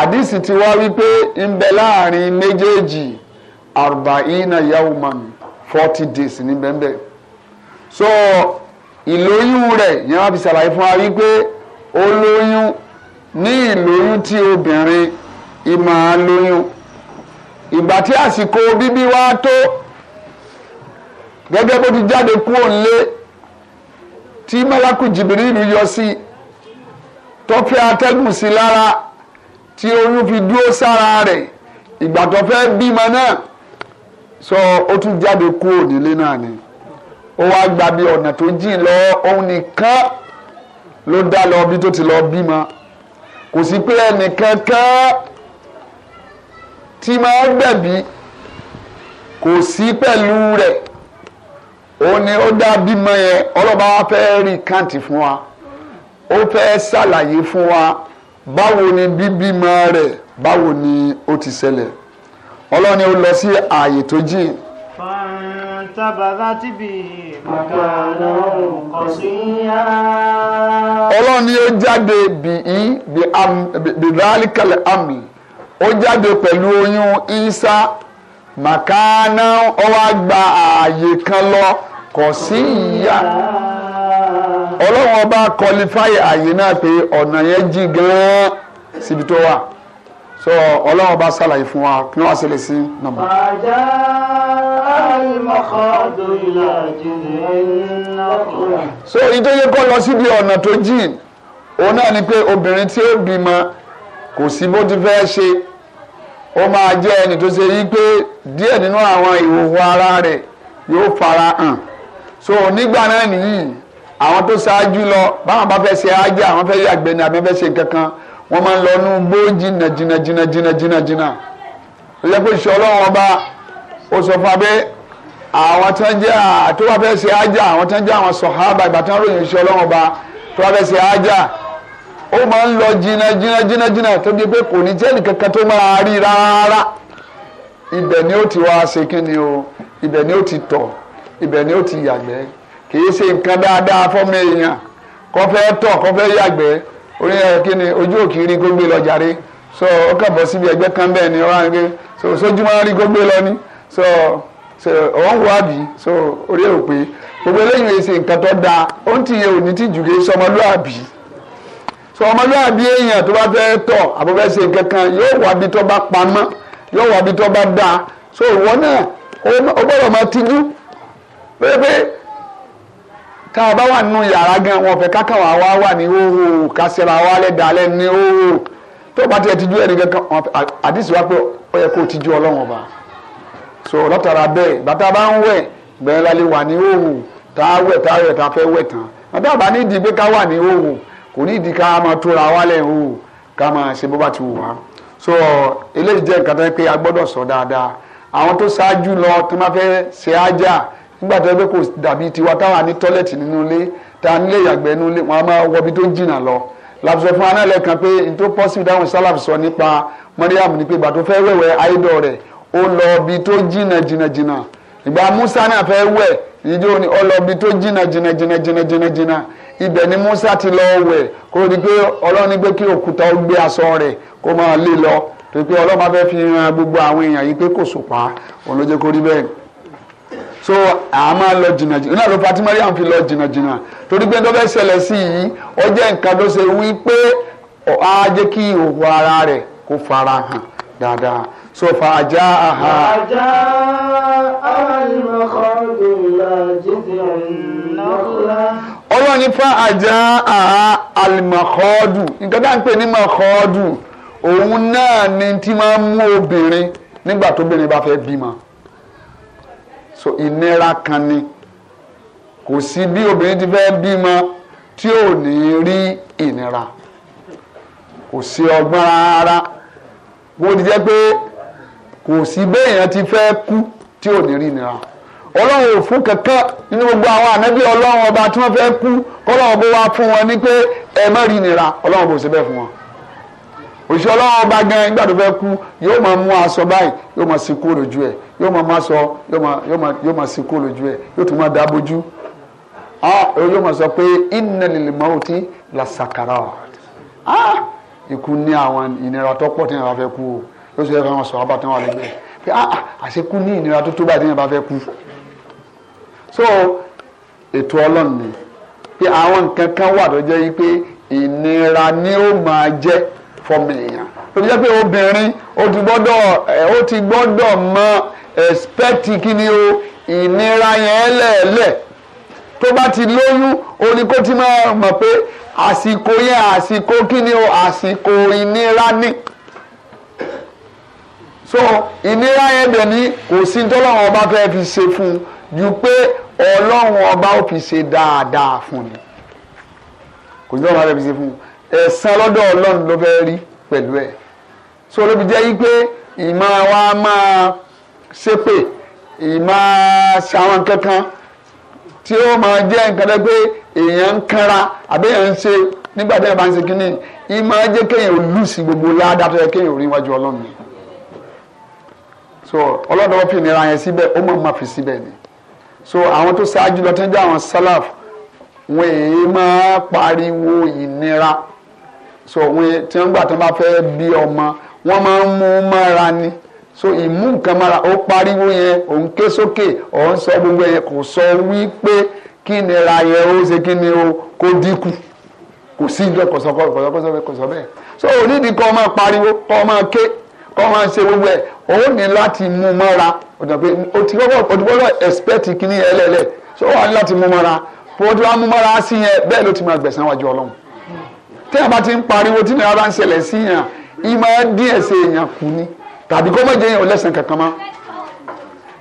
Speaker 2: àdìsí ti wá wípé ń bẹ láàrin méjèèjì arbaina yawman forty days ní bẹ́ẹ̀ so ìlóyún rẹ̀ yẹn wá fi ṣàlàyé fún wa wípé ó lóyún ní ìlóyún tí obìnrin ìmọ̀ á lóyún ìgbà tí àsìkò bíbí wá tó gẹ́gẹ́ bó ti jáde kúrò nílé tí málákù jìbìrì ìlú yọ sí i tó fẹ́ atẹ́gùn sí lára tí oyún fi dúró sára rẹ̀ ìgbà tó fẹ́ bímọ náà sọ ó tún jáde kúrò nílé náà ni ó wá gba bí ọ̀nà tó jìn lọ òun nìkan ló dá lọ bí tó ti lọ bímọ kò sí pé ẹnìkankan tí máa gbẹ̀bí kò sí pẹ̀lú rẹ̀ òun ni ó dá bímọ yẹn ọlọ́ba fẹ́ rí kàǹtì fún wa ó fẹ́ ṣàlàyé fún wa báwo ni bíbímọ rẹ̀ báwo ni ó ti ṣẹlẹ̀ ọlọ́run ni ó lọ sí ààyè tó jìn.
Speaker 1: فانتبذت به مكانا قصيا
Speaker 2: ọlọ́run ni ó jáde ó jáde pẹ̀lú oyún isa màkánà ó wá gba ààyè kan lọ kò sí ìyá ọlọ́run ọba kọlifáì àyè náà pé ọ̀nà yẹn jì gan-an síbi tó wà so ọlọ́run ọba ṣàlàyé fún wa kí wọ́n ṣẹlẹ̀ sí nàmú.
Speaker 1: àjà àlùmọ́kọ́dù ìlàjì nìyẹn.
Speaker 2: so ìdóye kọ́ lọ síbi ọ̀nà tó jìn òun náà ni pé obìnrin tí ó bímọ kò sí bó ti fẹ́ ṣe ó máa jẹ́ ẹni tó ṣe yí pé díẹ̀ nínú àwọn ìhòòhò ara rẹ̀ yóò fara hàn so nígbà náà nìyí àwọn tó ṣáájú lọ báwọn bá fẹ́ ṣe ájá àwọn fẹ́ yàgbẹ́ ni àbí fẹ́ ṣe kankan wọ́n máa ń lọ nú gbó jìnnà jìnnà jìnnà jìnnà jìnnà jìnnà lọ́jọ́ pé ìṣọ́ ọlọ́run ọba ó sọ fún abẹ́ àwọn tó ń jẹ́ tó wá fẹ́ ṣe ájá àwọn tó ń jẹ́ àwọn sọ̀hábà ìbátan ròyìn ìṣọ́ ọlọ́run ọba tó wá fẹ́ ṣe ájá ó máa ń lọ jìnnà jìnnà jìnnà jìnnà tó di pé kò ní jẹ́nì kankan tó máa rí rárá ibẹ̀ ni ó ti wá ṣe kí ni o ibẹ̀ ni ó ti tọ̀ ibẹ̀ ni ó ti yàgbẹ́ kì í ṣe nǹkan dáadáa fọ́mọ èèyàn kọ́ fẹ́ tọ̀ kọ́ fẹ́ yàgbẹ́ orí kí ni ojú òkìrí kó gbé lọ jàre so ó kàn bọ́ síbi ẹgbẹ́ kan bẹ́ẹ̀ ni ọ̀rọ̀ àgbẹ̀ so sójúmọ́ rí kó lọ ni so so òun wò àbí so orí ẹ̀ ò pé gbogbo eléyìí rẹ̀ ṣe nǹkan tó dáa ó ń tìyẹ òní tí jùlẹ̀ sọmọlúàbí so ọmọlúàbí èèyàn tó bá fẹ́ tọ̀ àbúfẹ́ ṣe nǹkan kan yóò wà bí tó bá pamọ́ yóò wà bí tó bá dáa so ìwọ náà ó gbọ́dọ̀ máa tijú pé pé tá a bá wà nínú yàrá gan wọn fẹ́ kákan wà wá wà ní hóhó kásẹ̀ra wà lẹ́dà alẹ́ ní hóhó tó bá tiẹ̀ tijú ẹni kankan àdìsí wa pé ó yẹ kó tijú ọlọ́run ọba so lọ́tara bẹ́ẹ̀ bàtà bá ń wẹ̀ bẹ́ẹ̀ lálẹ́ wà ní hóhó tá a wẹ̀ tá a wẹ̀ tá a fẹ́ wẹ̀ tán bàtà bá ní ìdí pé ká wà ní hóhó kò ní ìdí ká máa tóra wálẹ̀ hóhó ká máa ṣe bó bá ti wù wá so eléyìí jẹ́ nǹkan tó yẹ pé a gbọ́dọ̀ sọ dáadáa àwọn nígbà tó yẹ pé kò dàbí tiwa táwa ní tọ́lẹ̀tì nínú ilé táwa nílé ìyàgbẹ́ nínú ilé wọn a máa wọbi tó jìnnà lọ làbùsọ fún wa náà lẹ́ẹ̀kan pé n tó pọ́sibú dáhùn sálàbù sọ nípa mọ́ríyàmù ni pé ìgbà tó fẹ́ wẹ̀wẹ̀ áìdọ̀ rẹ̀ ó lọ bi tó jìnnà jìnnà jìnnà ìgbà Musa náà fẹ́ wẹ̀ ìjọ ni ó lọ bi tó jìnnà jìnnà jìnnà jìnnà jìnnà ibẹ̀ ni Musa ti lọ wẹ̀ kó o di pé Ọlọ́run ní pé kí òkúta ó gbé aṣọ rẹ̀ kó máa lé lọ torí pé Ọlọ́run bá fi hàn gbogbo àwọn èèyàn yìí pé kò sùpá òun ló jẹ́ kó rí bẹ́ẹ̀ so a máa lọ jìnnà jìnnà náà ló fa tí mariam fi lọ jìnnà jìnnà torí pé dọ́bẹ̀ ṣẹlẹ̀ sí yìí ó jẹ́ nǹkan tó ṣe wí pé á jẹ́ kí òwò ara rẹ̀ kó fara hàn dáadáa so fa ajá aha. ajá
Speaker 1: alimọ̀kọ́dùnlá jíjìn nọ́kúlá.
Speaker 2: ọlọ́run ní fa ajá aha alimọ̀kọ́dù nǹkan tá à ń pè ní mọ̀kọ́dù òun náà ni tí máa ń mú obìnrin nígbà tóbìnrin bá fẹ́ bímọ. so ìnira kan ni kò sí bí obìnrin ti fẹ́ bímọ tí ò ní rí ìnira kò sí ọgbọ́n rárá bó ti jẹ́ pé kò sí ti fẹ́ kú tí ò ní rí ìnira ọlọ́run ò fún kankan nínú gbogbo àwọn ànábì ọlọ́run ọba tí wọ́n fẹ́ kú bó wá fún wọn pé rí ìnira òṣìṣẹ́ ọlọ́wọ́ bá gan nígbà tó fẹ́ kú yóò máa mú aṣọ báyìí yóò máa sin kúrò lójú ẹ̀ yóò máa má sọ yóò máa sin kúrò lójú ẹ̀ yóò tún máa dá bójú yóò máa sọ pé inna lil mauti la sakarat ikú ní àwọn ìnira tó pọ̀ tí yẹn bá fẹ́ kú o yóò sì fẹ́ wọn sọ abá tí wọn wà lẹ́gbẹ̀ẹ́ pé àṣekú ní ìnira tó tó báyìí tí yẹn bá fẹ́ kú so ètò ọlọ́run ni pé àwọn nǹkan kan wà tó jẹ́ pé ìnira ni ó máa jẹ́ fọmìlìyàn tó jẹ́ pé obìnrin ó ti gbọ́dọ̀ ó ti gbọ́dọ̀ mọ ẹ̀spẹ́tì kí ni o ìnira yẹn lẹ̀ẹ́lẹ̀ tó bá ti lóyún ó ní kó ti máa mọ̀ pé àsìkò yẹn àsìkò kí ni o àsìkò ìnira ni so ìnira yẹn dẹ̀ ní kò sí tọ́lọ́wọ́n ọba fẹ́ fi ṣe fún un ju pé ọlọ́run ọba ó fi ṣe dáadáa fún ni kò sí tọ́lọ́wọ́n ọba fẹ́ fi ṣe fún un ẹ̀san lọ́dọ̀ ọlọ́run ló fẹ́ rí pẹ̀lú ẹ̀ so ló fi jẹ́ yí pé ìmọ̀ wa máa ṣépè ìmọ̀ ṣàwọn kankan tí ó máa jẹ́ nǹkan tó pé èèyàn ń kanra àbí èèyàn ń ṣe nígbà tí èèyàn bá ń ṣe kínní ìmọ̀ jẹ́ kéèyàn lùsì gbogbo ládàá tó yẹ kéèyàn rí iwájú ọlọ́run so ọlọ́dọ̀ wọ́n fi ìnira yẹn síbẹ̀ ó mọ̀ máa fi síbẹ̀ ni so àwọn tó ṣáájú lọ tán jẹ́ àwọn sálàf wọn èèyàn máa pariwo ìnira so wọn tí wọn gbà tó bá fẹ́ bí ọmọ wọn máa ń mú mọ́ra ni so ìmú nǹkan mọ́ra ó pariwo yẹn òun ké sókè òun sọ gbogbo yẹn kò sọ wípé kí ni ra yẹn ó ṣe kí ni o kó dínkù kò sí ìjọ kọ̀sọ̀kọ̀ kọ̀sọ̀ bẹ́ẹ̀ so onídìí kọ́ máa pariwo kọ́ máa ké kọ́ máa ṣe gbogbo ẹ̀ òun ní láti mú mọ́ra ọ̀dọ̀ pé o expect kí ni ẹlẹ́lẹ̀ so wà ní láti mú mọ́ra bó ti wá mú mọ́ra sí yẹn bẹ́ẹ̀ ló ti máa gbẹ̀san wájú ọlọ́run tí a bá ti ń pariwo tí náírà bá ń ṣẹlẹ̀ sí yàn ì máa dín ẹ̀ṣẹ̀ èèyàn kù ni tàbí kó má jẹ́ èèyàn lẹ́sìn kankan mọ́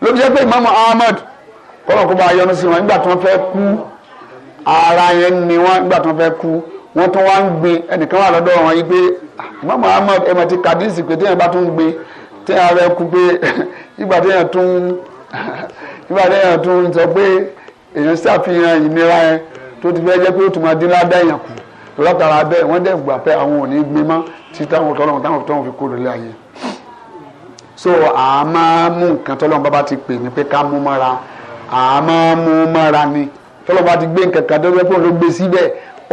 Speaker 2: ló jẹ́ pé Imam Ahmad kọ́nà kó bá a yọnu sí wọn nígbà tí wọ́n fẹ́ kú ara yẹn ni wọ́n nígbà tí wọ́n fẹ́ kú wọ́n tún wá ń gbin ẹnìkan wà lọ́dọ̀ wọn yìí pé ah, Imam Ahmad ẹ̀ mà ti kàdísì pé téèyàn bá tún gbin téèyàn rẹ kú pé *laughs* nígbà téèyàn tún *laughs* nígbà téèyàn tún sọ pé èèyàn tó látara bẹ́ẹ̀ wọ́n dẹ̀ gbà pé àwọn ò ní gbé mọ́ tí táwọn tọ́lọ́run táwọn tọ́lọ́run fi kó lórí ayé so a mú nǹkan tọ́lọ́run bábá ti pè ní pé ká mú mọ́ra a máa mú mọ́ra ni tọ́lọ́run bá ti gbé nǹkan kan dọ́gbẹ́ pé òun síbẹ̀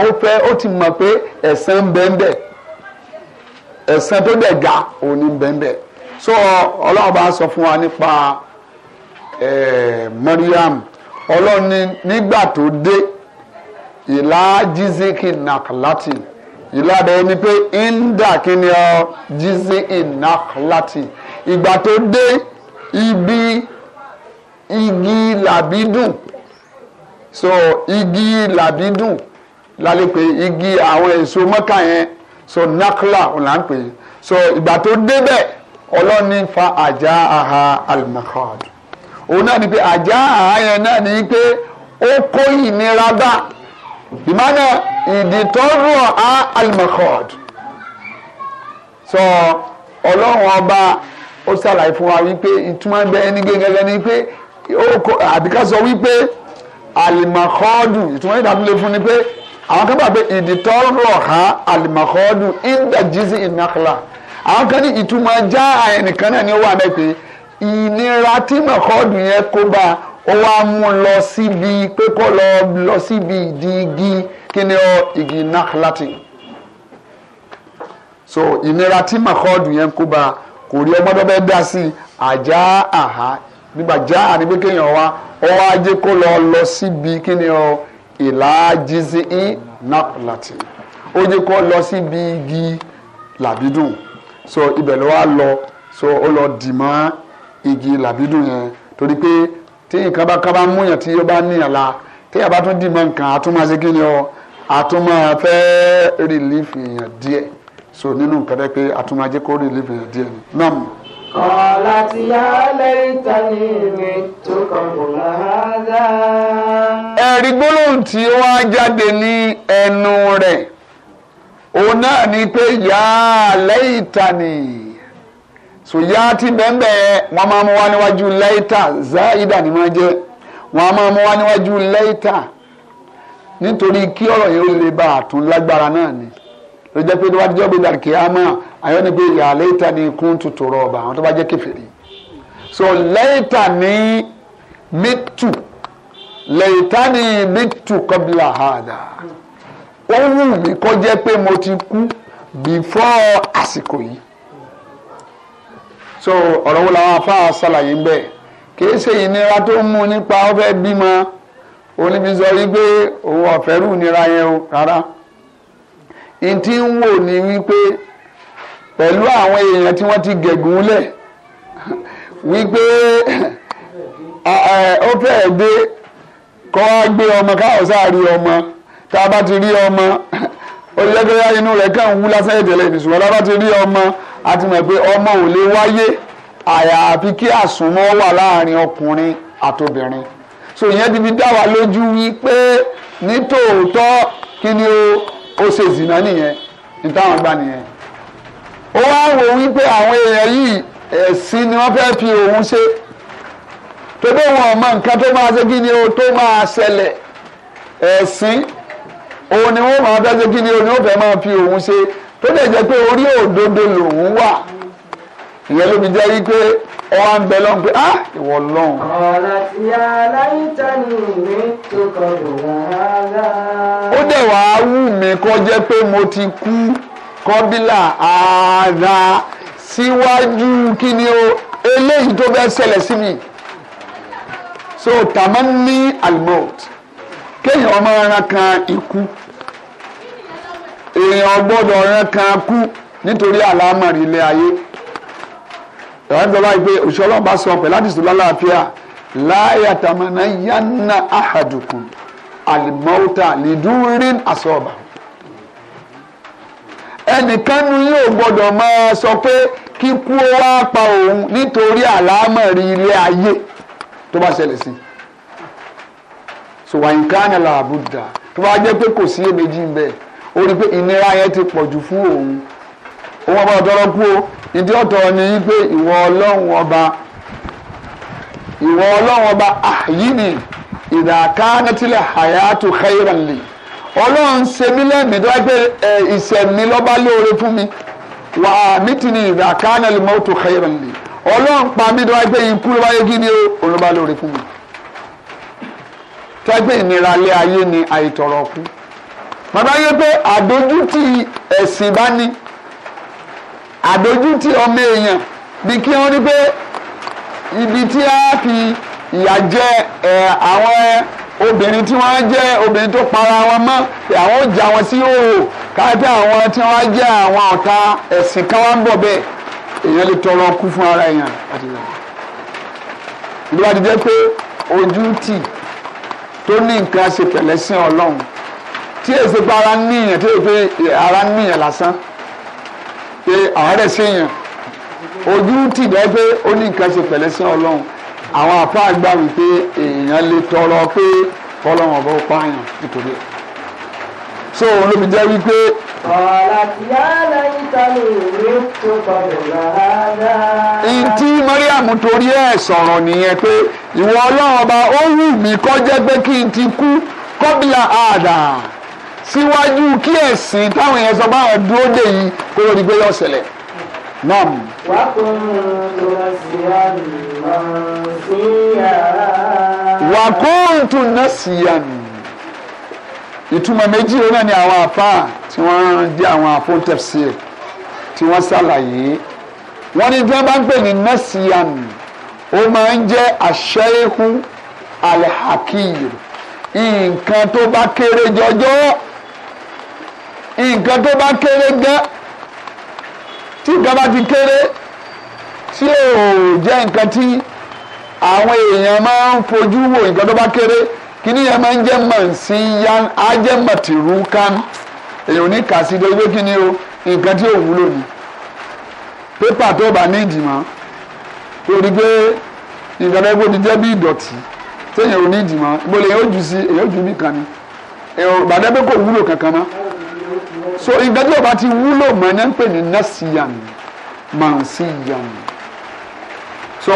Speaker 2: ó fẹ́ ó ti mọ̀ pé ẹ̀san bẹ́ńbẹ́ ẹ̀san tó dẹ̀ ga òun ní so ọlọ́run bá sọ fún wa nípa eh, Mariam ọlọ́run nígbà tó dé ìlà jiziki naklati ìlà bẹ̀rẹ̀ ni pé inda kìíní ọ jiziki naklati ìgbà tó dé ibi igi làbídùn so igi làbídùn lálẹ́ pé igi àwọn èso mọ́kà yẹn so nakla ọ̀là ń pè é so ìgbà tó débẹ̀ ọlọ́ni fa àjà aha alimakad òun náà ni pé àjà aha yẹn náà ni pé ó kó ìnira bá ìmánà ìdìtọ́rù á alimakọ́d so ọlọ́run ọba ó ṣàlàyé fún wa wípé ìtumọ̀ ẹgbẹ́ ẹni gẹ́gẹ́ ni pé àbíká sọ wípé alimakọ́dù ìtumọ̀ ìdàbílẹ̀ fún ni pé àwọn kan bá pé ìdìtọ́rù ọ̀há alimakọ́dù ìdàjísí ìnákàlà àwọn kan ní ìtumọ̀ já àyẹnìkan náà ni ó wà mẹ́pẹ́ ìnira tí mọ̀kọ́dù yẹn kó bá a ó wá mú lọ síbi pé kó lọ lọ síbi ìdí igi kí ni ọ igi naklati so ìnira tí màkọ́ọ̀dù yẹn kó bá kò rí ọgbọ́n tó bẹ́ẹ̀ dá sí àjá àhá nígbà já àní pé kéèyàn wá ó wá jẹ́ kó lọ lọ síbi kí ni ọ ìlàjìsí í naklati ó jẹ́ kó lọ síbi igi làbídùn so ibẹ̀ ló wá lọ so ó lọ dì mọ́ igi làbídùn yẹn torí pé tí nǹkan bá kábà mú yàn tí ó bá níyàn la téèyàn bá tún dì mọ́ nǹkan àtúmọ̀ sí kí ni ọ àtúmọ̀ fẹ́ rìlífì yàn díẹ̀ so nínú nǹkan tẹ́ pé àtúmọ̀ ajé kó rìlífì yàn díẹ̀ ni nam.
Speaker 1: kọ́lá ti yá lẹ́yìntà ní mi tó kàn
Speaker 2: kò láhádá. ẹ̀rí gbólóhùn tí ó wá jáde ní ẹnu rẹ̀ òun náà ni pé yá lẹ́yìntà nìyí so yá ti bẹ́ẹ̀ wọ́n máa mú wá níwájú lẹ́yìtà záìdà ni máa jẹ́ wọ́n máa mú wá níwájú lẹ́yìtà nítorí kí ọ̀rọ̀ yẹn ó lè bá àtún lágbára náà ni ló jẹ́ pé níwájú jọ́bí dàrúkì àmọ́ àyọ́ ni pé ìyá lẹ́yìtà ni kún tutù rọ̀ọ̀bà àwọn tó bá jẹ́ kẹfìrí so lẹ́yìtà ní mítù lẹ́yìtà ní mítù kọ́bílà hàdà ó wù mí kó pé mo ti kú bífọ́ àsìkò yìí so ọ̀rọ̀ wo làwọn afáà ṣàlàyé ń bẹ̀ kìí ṣe ìnira tó ń mú nípa ọ̀fẹ́ bímọ oníbísọ wípé òun ọ̀fẹ́ rù nira yẹn o rárá ìtí ń wò ní wípé pẹ̀lú àwọn èèyàn tí wọ́n ti gẹ̀gùn lẹ̀ wípé ó fẹ́ẹ̀ dé kọ́ wá gbé ọmọ káwọ́ sáàrí ọmọ tá a bá ti rí ọmọ ó lè jẹ́ pé inú rẹ̀ kàn ń wú lásán ìtẹ̀lẹ̀ ìbísùn ọ̀la bá ti rí ọmọ a ti mọ̀ pé ọmọ ò lè wáyé àyàfi kí àsùnmọ́ wà láàrin ọkùnrin àtobìnrin so ìyẹn ti fi dá wa lójú wípé nítòótọ́ kí ni o ó ṣe zìnà nìyẹn nítawọn gbà nìyẹn ó wá wò wípé àwọn èèyàn yìí ẹ̀sìn ni wọ́n fẹ́ fi òun ṣe tó bẹ́ẹ̀ wọn ọmọ nǹkan tó máa ṣe kí ni o tó máa ṣẹlẹ̀ ẹ̀sìn òun ni wọ́n máa fẹ́ ṣe kí ni o ni wọ́n fẹ́ máa fi òun ṣe tó dẹ̀ jẹ́ pé orí òdodo lòun wà ìyẹn ló fi jẹ́ yí pé ọwọ́ ń bẹ lọ́n pé á ah, ìwọ lọ́n. ọ̀la ti
Speaker 1: aláìta ni mi tó kọ wàhálà. ó dẹ̀ wá
Speaker 2: wù mí kó jẹ́ pé mo ti kú kọ́bílà ààrà síwájú kí ni o eléyìí tó bẹ́ẹ̀ ṣẹlẹ̀ sí mi so tàmá ní almot kéèyàn ọmọ ara kan ikú èèyàn gbọ́dọ̀ rẹ kan kú nítorí àlámọ̀rí ilé ayé ìwádìí ìpè òṣèlú bá sọ pé láti sùn lálàáfíà láyà tàmánà yánná àhàdùkùn àlìmọ́ọ́tà lìdúrín àsọ̀ọ̀bà ẹnìkan nu yóò gbọ́dọ̀ máa sọ pé kíkú ó wá pa òun nítorí àlámọ̀rí ilé ayé tó bá ṣẹlẹ̀ sí so wàyíká ni làbúdà tó bá jẹ́ pé kò sí èméjì bẹ́ẹ̀ ó rí i pé ìnira yẹn ti pọ̀ jù fún òun òun ọba ọ̀tọ̀rọ̀ kú o ìdí ọ̀tọ̀ ni pé ìwọ ọlọ́run ọba ìwọ ọlọ́run ọba àyíní ìdàkánátìlẹ̀ hayatu khayran ọlọ́run ṣe mí lẹ́mìí tó wá pé ìṣẹ̀mí lọ́ba lóore fún mi wà á mítìní ìdàkánátìlẹ̀ mọ́tò khayran li ọlọ́run pa mí tó wá pé ikú ló bá yẹ kí ni ó òun lóore fún mi tó wá pé ìnira lé ayé ni àìtọ̀rọ̀ kú bàbá yẹ pé àdójútì ẹ̀sìn bá ní àdójútì ọmọ èèyàn bí kí wọ́n rí pé ibi tí a fi ìyà jẹ àwọn obìnrin tí wọ́n jẹ́ obìnrin tó para wọn mọ́ àwọn ò já wọn sí òòrò káàtì àwọn tí wọ́n jẹ́ àwọn ọ̀tá ẹ̀sìn kan wá ń bọ̀ bẹ́ẹ̀ èèyàn lè tọrọ kú fún ara èèyàn ìlú wa ti jẹ́ pé ojú tó ní nǹkan ṣe pẹ̀lẹ́sìn ọlọ́run tí èyí ṣe pé ara ń níyàn tí èyí pé ara ń níyàn lásán pé àwọn rẹ̀ ojú tì bẹ́ẹ̀ pé ó ní nǹkan ṣe pẹ̀lẹ́ sí ọlọ́run àwọn àfa àgbà wípé èèyàn lè tọrọ pé ọlọ́run ọba pààyàn nítorí ẹ̀ so òun ló fi jẹ́ wípé. Ìtí Mọ́ríàmù torí ẹ̀ sọ̀rọ̀ nìyẹn pé ìwọ ọlọ́run ọba ó wù mí kó jẹ́ pé kí n ti kú kọ́bílà àdà síwájú kí ẹ̀sìn táwọn èèyàn sọ bá wọn dúró dè yìí kó ló di pé yọ ṣẹlẹ̀ náà. wà tún ná sí àná. ìtumọ̀ méjì náà ni àwọn àfa tí wọ́n dé àwọn àfóńtẹ̀sí tí wọ́n ṣàlàyé wọ́n ní tí wọ́n bá ń pè ní nasiyan ó máa ń jẹ́ àṣẹ́hún alhakir nǹkan tó bá kéré jọjọ́ nǹkan tó bá kéré gán tí nǹkan bá ti kéré tí ò jẹ́ nǹkan tí àwọn èèyàn máa ń fojú wo nǹkan tó bá kéré kíní yẹn máa ń jẹ́ mọ̀nsíyán á jẹ́ mọ̀tìrúkán èèyàn ò ní kà sí dégbé kíní o nǹkan tí ò wúlò ni pépà tó bá ní ìdìmọ̀ torí pé nǹkan tó gbòdì jẹ́ bí ìdọ̀tí téèyàn ò ní ìdìmọ̀ ìbò lè yóò jù sí èyàn ò jù mí kan ni ìbàdàn pé kò wúlò kankan mọ́ so ìgbà tí ọba ti wúlò mọ́ ní ń pè ní nasiyan mansiyan so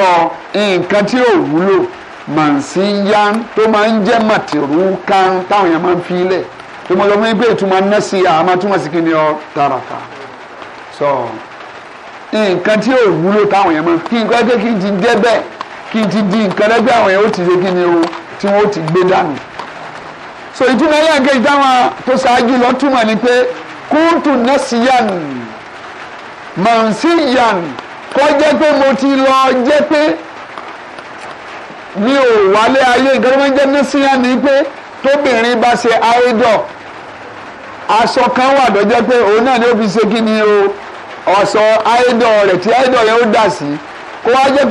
Speaker 2: nǹkan tí ò wúlò mansiyan tó máa ń jẹ́ màtìrúkan táwọn yẹn máa ń fi lẹ̀ tó máa lọ fún ibẹ̀ ìtumọ̀ nasiyan àmọ́ túmọ̀ sí kíni ọ tààràtà so nǹkan tí ò wúlò táwọn yẹn máa kí nǹkan ẹgbẹ́ kí n ti jẹ́ bẹ́ẹ̀ kí n ti di nǹkan ẹgbẹ́ àwọn yẹn ó ti ṣe kí ni o tí wọ́n ó ti gbé dànù so ìtumọ̀ ẹlẹ́ẹ̀kejì táwọn tó ṣáájú lọ túmọ̀ ni pé kúntù nasiyan mansiyan kọ́ pé mo ti lọ jepe pé mi ò wálé ayé nǹkan nasiyan ni pé tóbìnrin bá ṣe áídọ̀ aṣọ kan wà tó pé òun náà ni ó fi ṣe kí ni o ọ̀ṣọ́ áídọ̀ rẹ̀ tí áídọ̀ yẹn ó dà sí kó wá ti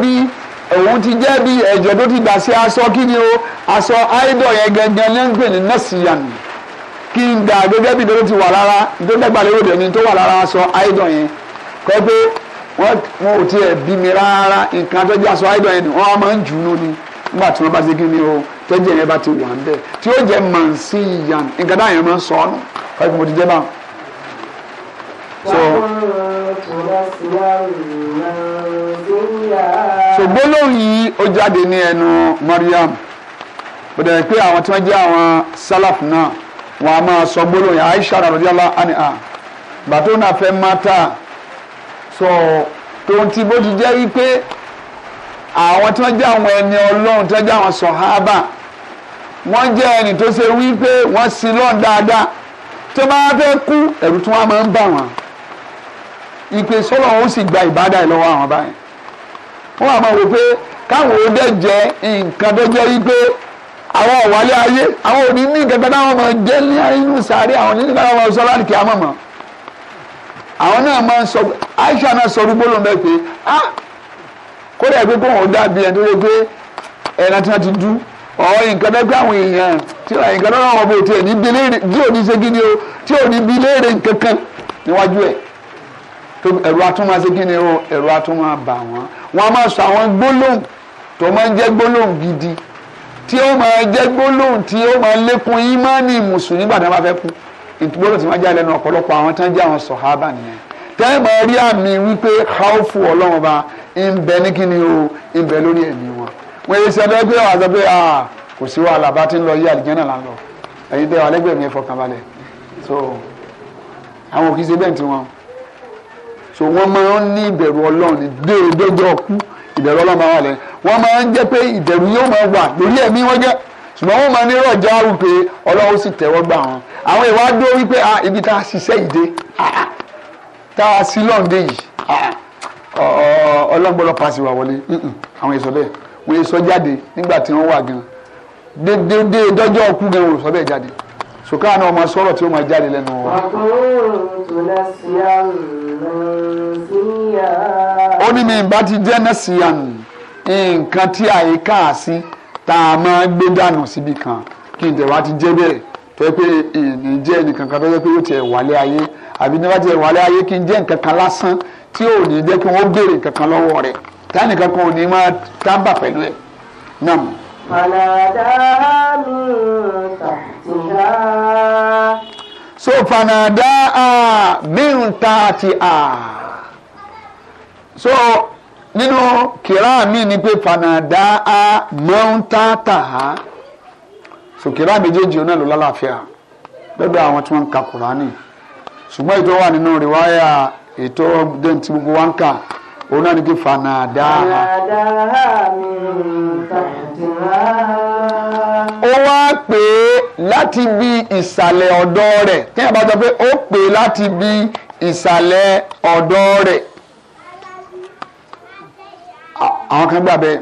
Speaker 2: bí ti dà sí aṣọ o aṣọ yẹn nasiyan. kí n gbà gẹ́gẹ́ bí ìdọ́dọ̀ ti wà lára ìdọ́dọ̀ gbà dẹ̀ ni tó wà lára aṣọ àìdọ̀ yẹn kọ́ pé wọ́n ò tiẹ̀ bí mi rárá nǹkan tó jẹ́ aṣọ àìdọ̀ yẹn ni wọ́n máa ń jù ú lónìí nígbà tí wọ́n bá ṣe kí ni o tẹ́jẹ̀ yẹn bá ti wà ń bẹ̀ tí ó jẹ́ màǹsí ìyàn nǹkan táwọn yẹn máa ń sọ ọ́nù kọ́ pé mo ti jẹ́ bá so gbólóhùn yìí ó jáde ní ẹnu Mariam bó pé àwọn tí wọ́n jẹ́ àwọn sálàf náà wọn a máa sọ gbólóhùn yẹn Aisha radiyallahu anha ah, bàtó náà fẹ́ mata sọ tóun ti bó ti jẹ́ wípé àwọn tí wọ́n jẹ́ àwọn ẹni ọlọ́run tí wọ́n jẹ́ àwọn sọ̀hábà wọ́n jẹ́ ẹni tó ṣe wípé wọ́n sin lọ́n dáadáa tó bá fẹ́ kú ẹ̀rù tí wọ́n máa ń bà wọ́n ìpè sọ́lọ́ ó sì gba ìbádà ìlọ́wọ́ àwọn báyìí wọ́n á wò pé káwọn ó dẹ̀ jẹ́ nǹkan tó jẹ́ wípé àwọn ọ̀wálé ayé àwọn òní ní gẹ́gẹ́ táwọn máa jẹ́ ní inú sàárẹ̀ àwọn nínú káwọn máa sọ láti kí á mọ̀mọ́ àwọn náà máa ń sọ Aisha náà sọ rúgbó lóun bẹ́ẹ̀ pé ah kódà ẹ̀ pé kóun ó dàbí ẹ̀ tó lé pé ẹ̀rọ tí wọ́n ti dú ọ̀ọ́ nǹkan bẹ́ẹ̀ pé àwọn èèyàn tí nǹkan náà wọ́n bò tí ò ní bi léèrè tí ò ní ṣe ni o tí ò ní bi léèrè nǹkan kan níwájú ẹ̀ ẹ̀rọ atúmọ̀ ṣe ni o ẹ̀rọ atúmọ̀ bà wọ́n wọ́n máa sọ àwọn gbólóhùn tó máa ń jẹ́ gbólóhùn gidi tí ó máa jẹ́ gbólóhùn tí ó máa lékún ìmánì mùsùlùmí nígbà tí wọ́n bá fẹ́ kú ìgbólóhùn tí wọ́n já lẹ́nu ọ̀pọ̀lọpọ̀ àwọn tán jẹ́ àwọn sọ̀hábà nìyẹn tẹ́ máa rí àmì wípé káwọ́fù ọlọ́run bá ń bẹ ní kíni o ń bẹ lórí ẹ̀mí wọn wọ́n yé sẹ́ lẹ́gbẹ́ wà sọ pé kò sí wàhálà bá ti ń lọ yí àlìjẹ́nà là ń lọ ẹ̀yin tẹ́ wà lẹ́gbẹ̀ẹ́ mi ẹ̀fọ́ kan balẹ̀ so àwọn òkè ṣe bẹ́ẹ̀ tí wọn so wọ́n máa ń ní ìbẹ̀rù ọlọ́run ní déédéé ìbẹ̀rù ọlọ́run máa wà lẹ́yìn wọ́n máa ń jẹ́ pé ìbẹ̀rù yóò máa wà lórí ẹ̀mí wọn jẹ́ ṣùgbọ́n wọ́n máa ní rọ̀já rù pé ọlọ́run sì tẹ́wọ́ gbà wọn àwọn ìwà dúró wípé ah, ibi tá a ṣiṣẹ́ ìdè ah, ah, tá a sí lọ́ǹdé yìí ọlọ́gbọ́lọ́ paṣẹ wà wọlé àwọn èso bẹ́ẹ̀ wọ́n èso jáde nígbà tí wọ́n wà gan dédé dọ́jọ́ ọkú gan wọ́n èso bẹ́ẹ̀ jáde sùkúrà náà ọmọ sọ̀rọ̀ tí ó máa jáde lẹ́nu wọn. ó ní mi ìbá ti jẹ́ nẹ́sìyàn nǹkan tí àyè káàsí tá a máa gbé dànù síbi kan kí n tẹ̀wá ti jẹ́ bẹ́ẹ̀ tó yẹ pé ìní jẹ́ nìkan kan tó yẹ pé yóò tiẹ̀ wálé ayé àbí ní tiẹ̀ wálé ayé kí n jẹ́ nǹkan kan lásán tí ò ní jẹ́ kí wọ́n béèrè nǹkan kan lọ́wọ́ rẹ̀ táyà nǹkan kan ò ní máa tábà pẹ̀lú ẹ̀ náà.
Speaker 1: فناداها من تحتها
Speaker 2: so فناداها من تحتها so nínú kìrá mi ni pé fanadá a mọ́ńtàtà so kìrá méjèèjì ọ̀nà ló lálàáfíà lọ́dọ̀ àwọn tí wọ́n ń ka kùránì ṣùgbọ́n ètò wà nínú rìwáyà ètò dẹ́ntì gbogbo wa ń kà òun náà ni pé fanadá a.
Speaker 1: fanadá a mi tàtà á.
Speaker 2: ó wá pè é láti bí ìsàlẹ̀ ọ̀dọ́ rẹ̀ kí ẹ̀ bá jọ pé ó pè é láti bí ìsàlẹ̀ ọ̀dọ́ rẹ̀ àwọn kan gbà bẹ́ẹ̀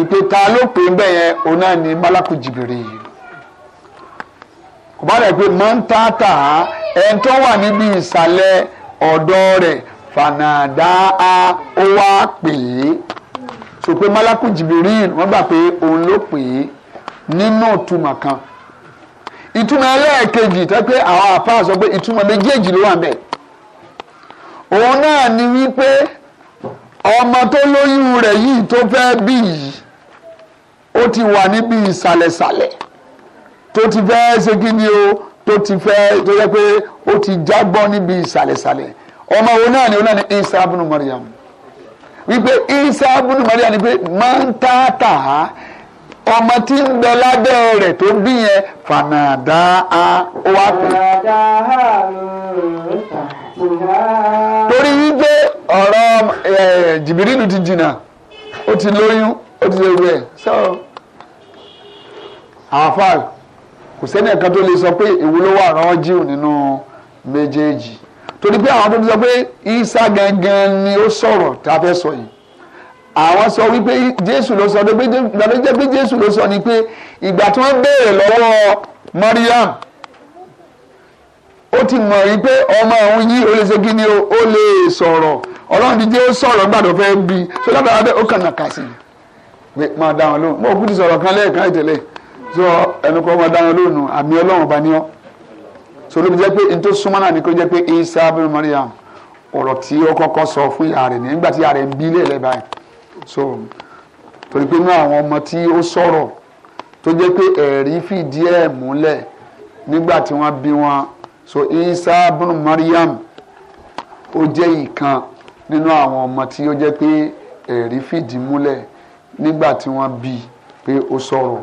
Speaker 2: ìpè ló pè ń bẹ̀ yẹn òun náà ni malaku jìbìrì yìí kò bá rẹ̀ pé máa ń tà tà á ẹni tó wà níbi ìsàlẹ̀ ọ̀dọ́ rẹ̀ fànàdá a ó wá pè é sọ pé malaku jìbìrì wọ́n gbà pé òun ló pè é nínú ìtumọ̀ kan ìtumọ̀ ẹlẹ́ẹ̀kejì tẹ́ pé àwọn àpá sọ pé ìtumọ̀ méjèèjì ló wà ń bẹ̀ òun náà ni wípé ọmọ tó lóyún rẹ̀ yìí tó fẹ́ bí yìí ó ti wà níbi ìsàlẹ̀sàlẹ̀ tó ti fẹ́ ṣe kí ni o tó ti fẹ́ tó yẹ pé ó ti jágbọ́n níbi ìsàlẹ̀sàlẹ̀ ọmọ wo náà ni wo náà ni Isa abunu Mariam wípé Isa abunu Mariam ni pé máa ń tààtà á ọmọ tí ń bẹ lábẹ́ rẹ̀ tó bí yẹn fànàdà á wá pè. torí yíjọ ọ̀rọ̀ jìbìrìlù ti jìnnà ó ti lóyún ó ti lè wẹ̀ so àáfà kò sẹ́ni ẹ̀kan tó lè sọ pé èwo ló wà rán jíù nínú méjèèjì torí pé àwọn tó ti sọ pé isa gangan ni ó sọ̀rọ̀ tá a fẹ́ sọ yìí àwọn sọ wípé jésù ló sọ ìgbàlódé pé jésù ló sọ ni pé ìgbà tí wọ́n béèrè lọ́wọ́ Mariam ó ti mọ̀ rí pé ọmọ òun yìí ó lè ṣe kí ni ó lè sọ̀rọ̀ ọlọ́run ti jẹ́ ó sọ̀rọ̀ gbàdọ̀ fẹ́ bí so látara bẹ́ẹ̀ ó kàn náà kà máa dá lóhùn mo kú ti sọ̀rọ̀ kan lẹ́ẹ̀kan ìtẹ̀lẹ̀ so ẹnu kan máa dá lóhùn àmì ọlọ́run bá ní ọ́ so ló fi jẹ́ pé n tó súnmọ́ náà ni kó jẹ́ pé Isa bin Maryam ọ̀rọ̀ tí ó kọ́kọ́ sọ fún ìyá rẹ̀ nígbà tí ìyá rẹ̀ ń bí so torí pé inú àwọn ọmọ tí ó sọ̀rọ̀ tó jẹ́ pé ẹ̀rí so isa bunu mariam ó jẹ́ ìkan nínú àwọn ọmọ tí ó jẹ́ pé ẹ̀rí fìdí múlẹ̀ nígbà tí wọ́n bí pé ó sọ̀rọ̀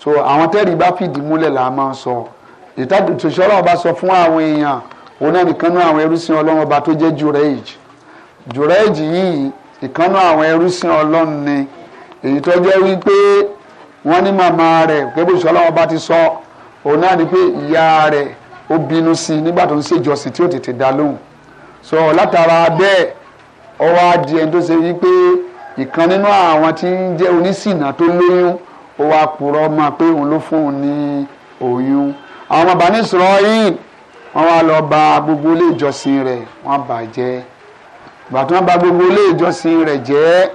Speaker 2: so àwọn tẹ́rì bá fìdí múlẹ̀ là á máa ń sọ ìtàdùn tó ṣọlá ọba sọ fún àwọn èèyàn òun náà nìkan náà àwọn ẹrúsìn ọlọ́run ọba tó jẹ́ jùrẹ́ẹ̀jì jùrẹ́ẹ̀jì yìí ìkànnà àwọn ẹrúsìn ọlọ́run ni èyí tó jẹ́ wípé wọ́n ní màmá rẹ̀ pé bó ṣọlá ọba ti sọ òun náà ni pé ìyá rẹ̀ ó bínú sí i nígbà tó ń ṣèjọsìn tí ó tètè dá lóhùn so látara bẹ́ẹ̀ ó wá di ẹni tó ṣe wípé ìkan nínú àwọn tí ń jẹ́ onísìnà tó lóyún ó wá purọ́ máa pé òun ló fún òun ní oyún àwọn bàbá ní Ísírẹ́lì wọ́n wá lọ bà gbogbo ilé ìjọsìn rẹ̀ wọ́n bà jẹ́ ìgbà tí wọ́n gbogbo ilé ìjọsìn rẹ̀ jẹ́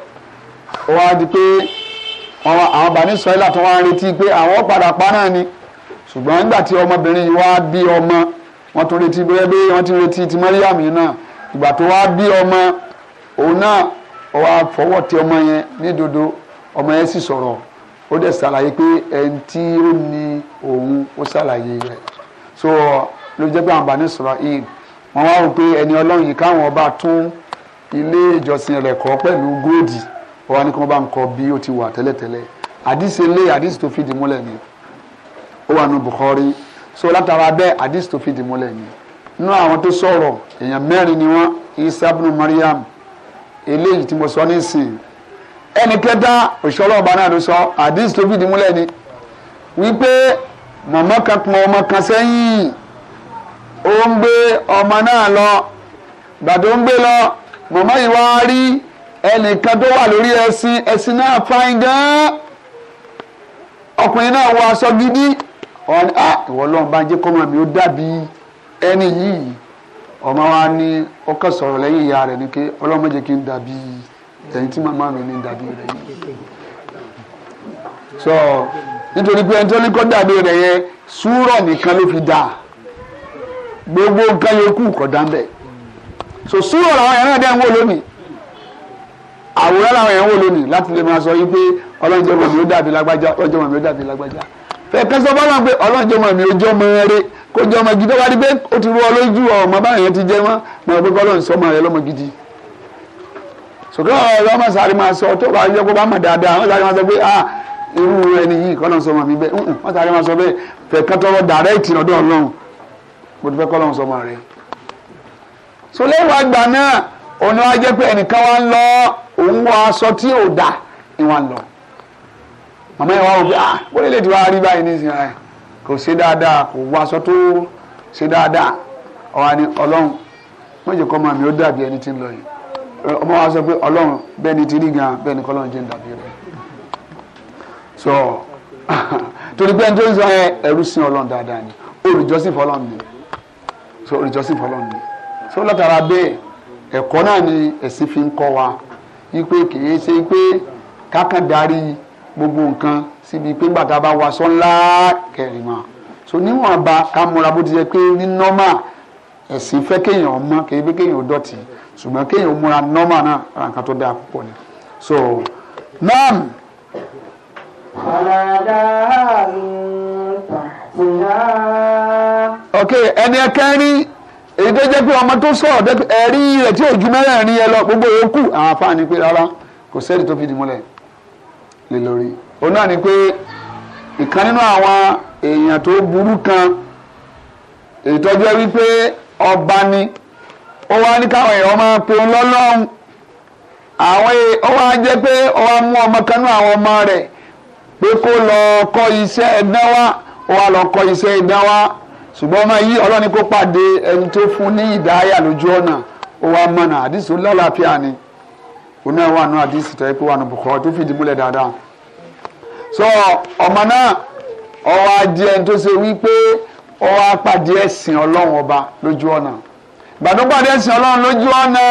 Speaker 2: ó wá di pé àwọn bàbá ní Ísírẹ́lì àtúnwá retí pé àwọn padà pa náà ni ṣùgbọ́n nígbà tí ọmọbìnrin yìí wá bí ọmọ wọ́n tún retí bẹ́ẹ̀ bí wọ́n ti retí ti Mariam yìí náà ìgbà tó wá bí ọmọ òun náà ó wá fọwọ́ tẹ ọmọ yẹn ní dodo ọmọ yẹn sì sọ̀rọ̀ ó dẹ̀ ṣàlàyé pé ẹni tí ó ní òun ó ṣàlàyé rẹ̀ so ló jẹ́ pé àwọn bàbá ní sọ̀rọ̀ yìí wọ́n wá rò pé ẹni ọlọ́run yìí káwọn ọba tún ilé ìjọsìn rẹ̀ kọ́ pẹ̀lú góòdì ó wá kí wọ́n bá ń kọ bí ó ti wà tẹ́lẹ̀tẹ́lẹ̀ àdìsí ilé àdìsí tó fìdí múlẹ̀ ni ó wà nù Bukhari so látara bẹ́ẹ̀ hadith tó fìdí múlẹ̀ ni nínú àwọn tó sọ̀rọ̀ èèyàn mẹ́rin ni wọ́n Isa ibn Maryam eléyìí tí mo sọ nísìnyí ẹnì kẹta òṣìṣẹ́ ọlọ́ọ̀bá náà ló sọ hadith tó fìdí múlẹ̀ ni wípé màmá kan pọn ọmọ kan sẹ́yìn ó ń gbé ọmọ náà lọ gbàdó ń gbé lọ màmá yìí wá rí ẹnìkan tó wà lórí ẹṣin ẹṣin náà fáin gan ọkùnrin náà wọ aṣọ gidi wọn ní ah ìwọ ọlọ́run bá ń jẹ́ kọ́mọ mi ó dàbí ẹni yìí ọmọ wa ní ọkọ sọ̀rọ̀ lẹ́yìn ìyá rẹ̀ ni pé ọlọ́run má jẹ́ kí n dàbí ẹni tí màmá mi ní dàbí rẹ̀ yìí so nítorí pé ẹni tó ní kọ́ dàbí rẹ̀ yẹn súrọ̀ nìkan ló fi dà gbogbo nǹkan yòókù kọ̀ dáńbẹ̀ so súrọ̀ làwọn yẹn náà dẹ́ ń wò lónìí àwòrán làwọn yẹn ń wò lónìí láti lè máa sọ yí pé ọlọ́run jẹ́ mọ̀ mi ó dàbí lágbájá ọlọ́run mọ̀ mi ó dàbí lágbájá fẹ̀kẹ́sọ bọ́lá pé ọlọ́jọ́ mọ̀ mi ojọ́ mọ̀ rẹ kójọ ọmọ gidi wá rí pé ó ti rú ọ lójú ọmọ báyìí yẹn ti jẹ́ mọ́ mọ̀ pé kọ́ lóun sọ ọmọ rẹ lọ́mọ gidi. sọ̀kẹ́ ọ̀rọ̀ ọmọ sáré máa sọ tó bá yẹ kó bá mọ̀ dáadáa wọ́n sáré máa sọ pé ah irú ẹni yìí kọ́ lóun sọ ọmọ mi bẹ́ẹ̀ wọ́n sáré máa sọ bẹ́ẹ̀ fẹ̀kẹ́tọ́rọ̀ dàrẹ́ẹ̀tì lọ́dọ̀ ọlọ́run mo ti fẹ́ kọ́ lóun sọ ọmọ rẹ. sọ pé ẹnìkan wá lọ òun wọ aṣọ tí ò
Speaker 1: màmá yẹn wá wò pé ah bóyá lè ti rí
Speaker 2: báyìí nísìnyí rẹ kò ṣe dáadáa kò wọ aṣọ tó ṣe dáadáa ọ̀hà ni ọlọ́run wọ́n jẹ́ kọ́ máa mi ó dàbí ẹni tí ń lọ yìí ọmọ wa sọ pé ọlọ́run bẹ́ẹ̀ ni ti rí gan bẹ́ẹ̀ ni jẹ́ ń dàbí rẹ̀ so *laughs* torí pé ẹni tó ń sọ ẹ ẹrú sin ọlọ́run dáadáa ni olùjọ́sìn fọlọ́run ni so olùjọ́sìn fọlọ́run ni so látara bẹ́ẹ̀ ẹ̀kọ́ náà ni ẹ̀sìn fi ń kọ́ wa kì í ṣe gbogbo nǹkan síbi pé gbàtà bá waṣọ ńlá kẹrìmà so níwọ̀n àbá ká múra bó ti jẹ́ pé ní nọ́mà ẹ̀sìn fẹ́ kéèyàn mọ́ kéèyàn kéèyàn dọ̀tí ṣùgbọ́n kéèyàn múra nọ́mà náà ara nǹkan tó dáa púpọ̀ ni so nam. ok ẹni ẹkẹrin èyí tó jẹ́ pé ọmọ tó sọ̀rọ̀ ẹ̀rí rẹ̀ tí ò ju mẹ́rẹ̀ẹ̀rin yẹn lọ gbogbo yòókù àwọn afáàní pé rárá kò sẹ́ni tó fi dì múlẹ̀ lé lórí òun náà ni pé ìkan nínú àwọn èèyàn tó burú kan ìtọ́jú ẹ wípé ọba ni ó wá ní káwọn èèyàn máa pe òun lọ́lọ́run àwọn e, ó wá jẹ́ pé ó wá mú ọmọ kan nínú àwọn ọmọ rẹ̀ pé kó lọ kọ́ iṣẹ́ ẹ̀dá wá ó wá lọ kọ́ iṣẹ́ ẹ̀dá wá ṣùgbọ́n ọmọ yìí ọlọ́ni kó pàdé ẹni tó fún ní ìdáyà lójú ọ̀nà ó wá mọ̀nà àdìsó lọ́làáfíà ni oní ẹ̀ wà nù àdìsí tẹ́ pé wà nù bùkọ́ tó fìdí múlẹ̀ dáadáa so ọmọ náà ọwọ́ adìẹ tó ṣe wípé ọwọ́ apàdé ẹ̀sìn ọlọ́run ọba lójú ọ̀nà gbàdúgbàdé ẹ̀sìn ọlọ́run lójú ọ̀nà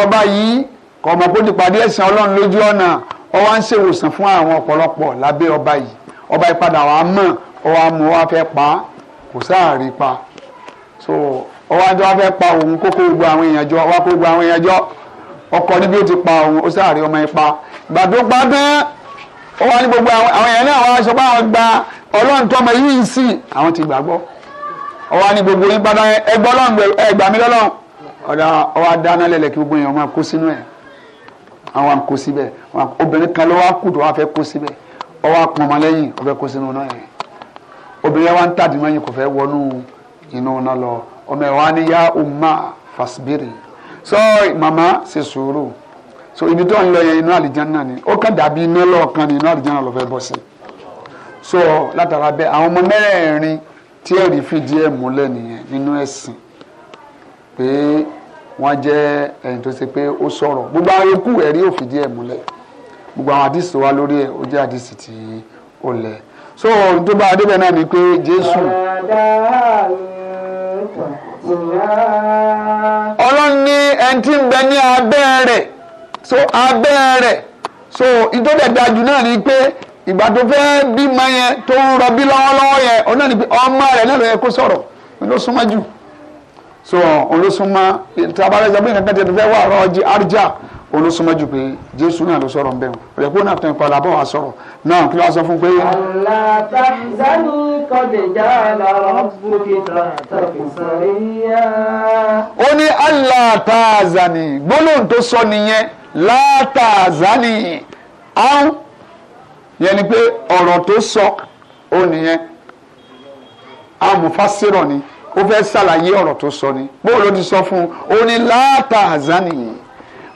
Speaker 2: ọba yìí kọ̀mọ̀ kó ti pàdé ẹ̀sìn ọlọ́run lójú ọ̀nà ọwọ́ ń ṣèwòsàn fún àwọn ọ̀pọ̀lọpọ̀ lábẹ́ ọba yìí ọba ìpadà wàá mọ̀ ọwọ́ amú wa fẹ́ pa kò sáàrí pa so ọwọ́ adé wa fẹ́ pa òun kókó gbogbo àwọn èèyàn jọ wá kó gbogbo àwọn èèyàn jọ ọkọ ní bí ó ti pa òun ó sáàrí ọmọ ipa ìgbà tó pa tán ó wá ní gbogbo àwọn èèyàn náà wá sọ pé àwọn gba ọlọ́run tó ọmọ yìí sí àwọn ti gbàgbọ́
Speaker 1: ó wá ní gbogbo yín padà ẹgbọ́ ọlọ́run
Speaker 2: ẹgbà mí lọ́lọ́run ọ̀dà ó wá dáná lẹ́lẹ̀ kí gbogbo èèyàn máa kó sínú ẹ̀ àwọn kó síbẹ̀ obìnrin kan ló wá kù tó wá fẹ́ kó síbẹ̀ ó wá pọn ọmọ lẹ́yìn ó fẹ́ kó sínú náà yẹn obìnrin wa ń tàdí mọ́yìn kò fẹ́ wọnú inú náà lọ ọmọ ẹ̀ wá ní yá umma fasbiri So mama ṣe sùúrù so ibi tó ń lọ yẹn inú àlìjáná ni ó kàn dàbí iná lọ́ọ̀kan ni inú àlìjáná ló fẹ́ bọ́ sí so látara bẹ́ẹ̀ àwọn ọmọ mẹ́rẹ̀ẹ̀rin tí ẹ̀rí fìdí ẹ̀ múlẹ̀ nìyẹn nínú ẹ̀sìn pé wọ́n jẹ́ ẹ̀yìn tó ṣe pé ó sọ̀rọ̀ gbogbo àwọn ikú ẹ̀rí ò fìdí ẹ̀ múlẹ̀ gbogbo àwọn àdìsí wa lórí ẹ̀ ó jẹ́ àdìsí tí ó lẹ̀ so tó bá adébẹ̀ náà ni pé Jésù
Speaker 1: ọlọ́run
Speaker 2: ní ẹni tí ń bẹ ní abẹ́ rẹ̀ so abẹ́ rẹ̀ so ìtọ́jàgbà jù náà ni pé ìgbà tó fẹ́ bímọ yẹn tó ń rọbí lọ́wọ́lọ́wọ́ yẹn ọ náà ni pé ọmọ rẹ̀ náà ló yẹ kó sọ̀rọ̀ ló jù so òun ló súnmọ́ tabalẹ̀ sọ pé nǹkan tẹ̀ tó fẹ́ wà rọ́ọ̀jì arjá olùsọmọjù pé jésù náà ló sọ̀rọ̀ nbẹ wọn rẹ kó náà tó nǹkan làbọ wá sọ̀rọ̀ náà kí ló wá sọ fún pé.
Speaker 1: Allah tahzanu qad ja'ala rabbuki tahtaki sariyya.
Speaker 2: ó ní Allah tahzani gbólóhùn tó sọ nìyẹn la tahzani áhùn yẹn ni pé ọ̀rọ̀ tó sọ ó nìyẹn amúfásírọ̀ ni ó fẹ́ ṣàlàyé ọ̀rọ̀ tó sọ ni bóòlù ti sọ fún un ó ní la tahzani yìí.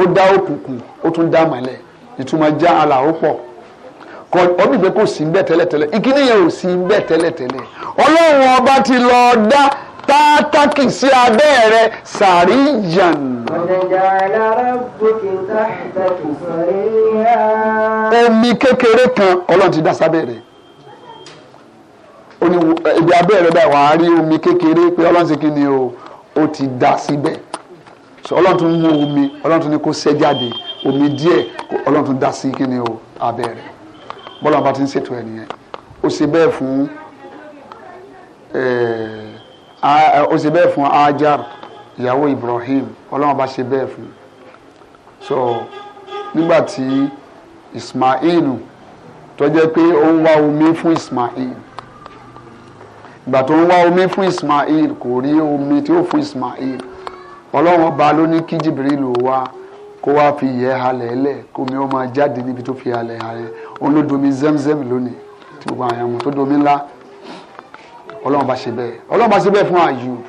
Speaker 2: ó dá òkùnkùn ó tún dá mọ́lẹ̀ ìtumọ̀ já àlà ó pọ̀ kọ ọdún ìgbẹ́ kò sí ń bẹ̀ tẹ́lẹ̀tẹ́lẹ̀ ìkíní yẹn ò sí ń bẹ̀ tẹ́lẹ̀tẹ́lẹ̀ ọlọ́run ọba ti lọ dá pátákì sí abẹ́ rẹ sàríyàn. omi kékeré kan ọlọ́run ti dá sábẹ́ rẹ̀ ibi abẹ́ rẹ̀ báyìí wàá rí omi kékeré pé ọlọ́run ṣe kí ni o ó ti dá síbẹ̀ ọlọ́run tún mú omi ọlọ́run tún ní kó sẹ́ jáde omi díẹ̀ ọlọ́run tún dá sí kíni o abẹ́ bọ́lá bá ti ń ṣètò ẹ̀ nìyẹn ó bẹ́ẹ̀ fún eh, ó ṣe bẹ́ẹ̀ fún Ajar ìyàwó Ibrahim ọlọ́run bá ṣe bẹ́ẹ̀ fún so nígbà tí Ismail tó jẹ́ pé ó ń wá omi fún Ismail ìgbà tó ń wá omi fún Ismail kò rí omi tí ó fún Ismail ọlọ́run ọba ló ní kí jìbìrìlù wá kó wá fi yẹ halẹ̀ ẹlẹ̀ kó mi ó máa jáde níbi tó fi halẹ̀ halẹ̀ òun ló domi zemzem lónìí tí gbogbo àwọn ọmọ tó domi ńlá ọlọ́run bá ṣe bẹ́ẹ̀ ọlọ́run bá ṣe bẹ́ẹ̀ fún Ayub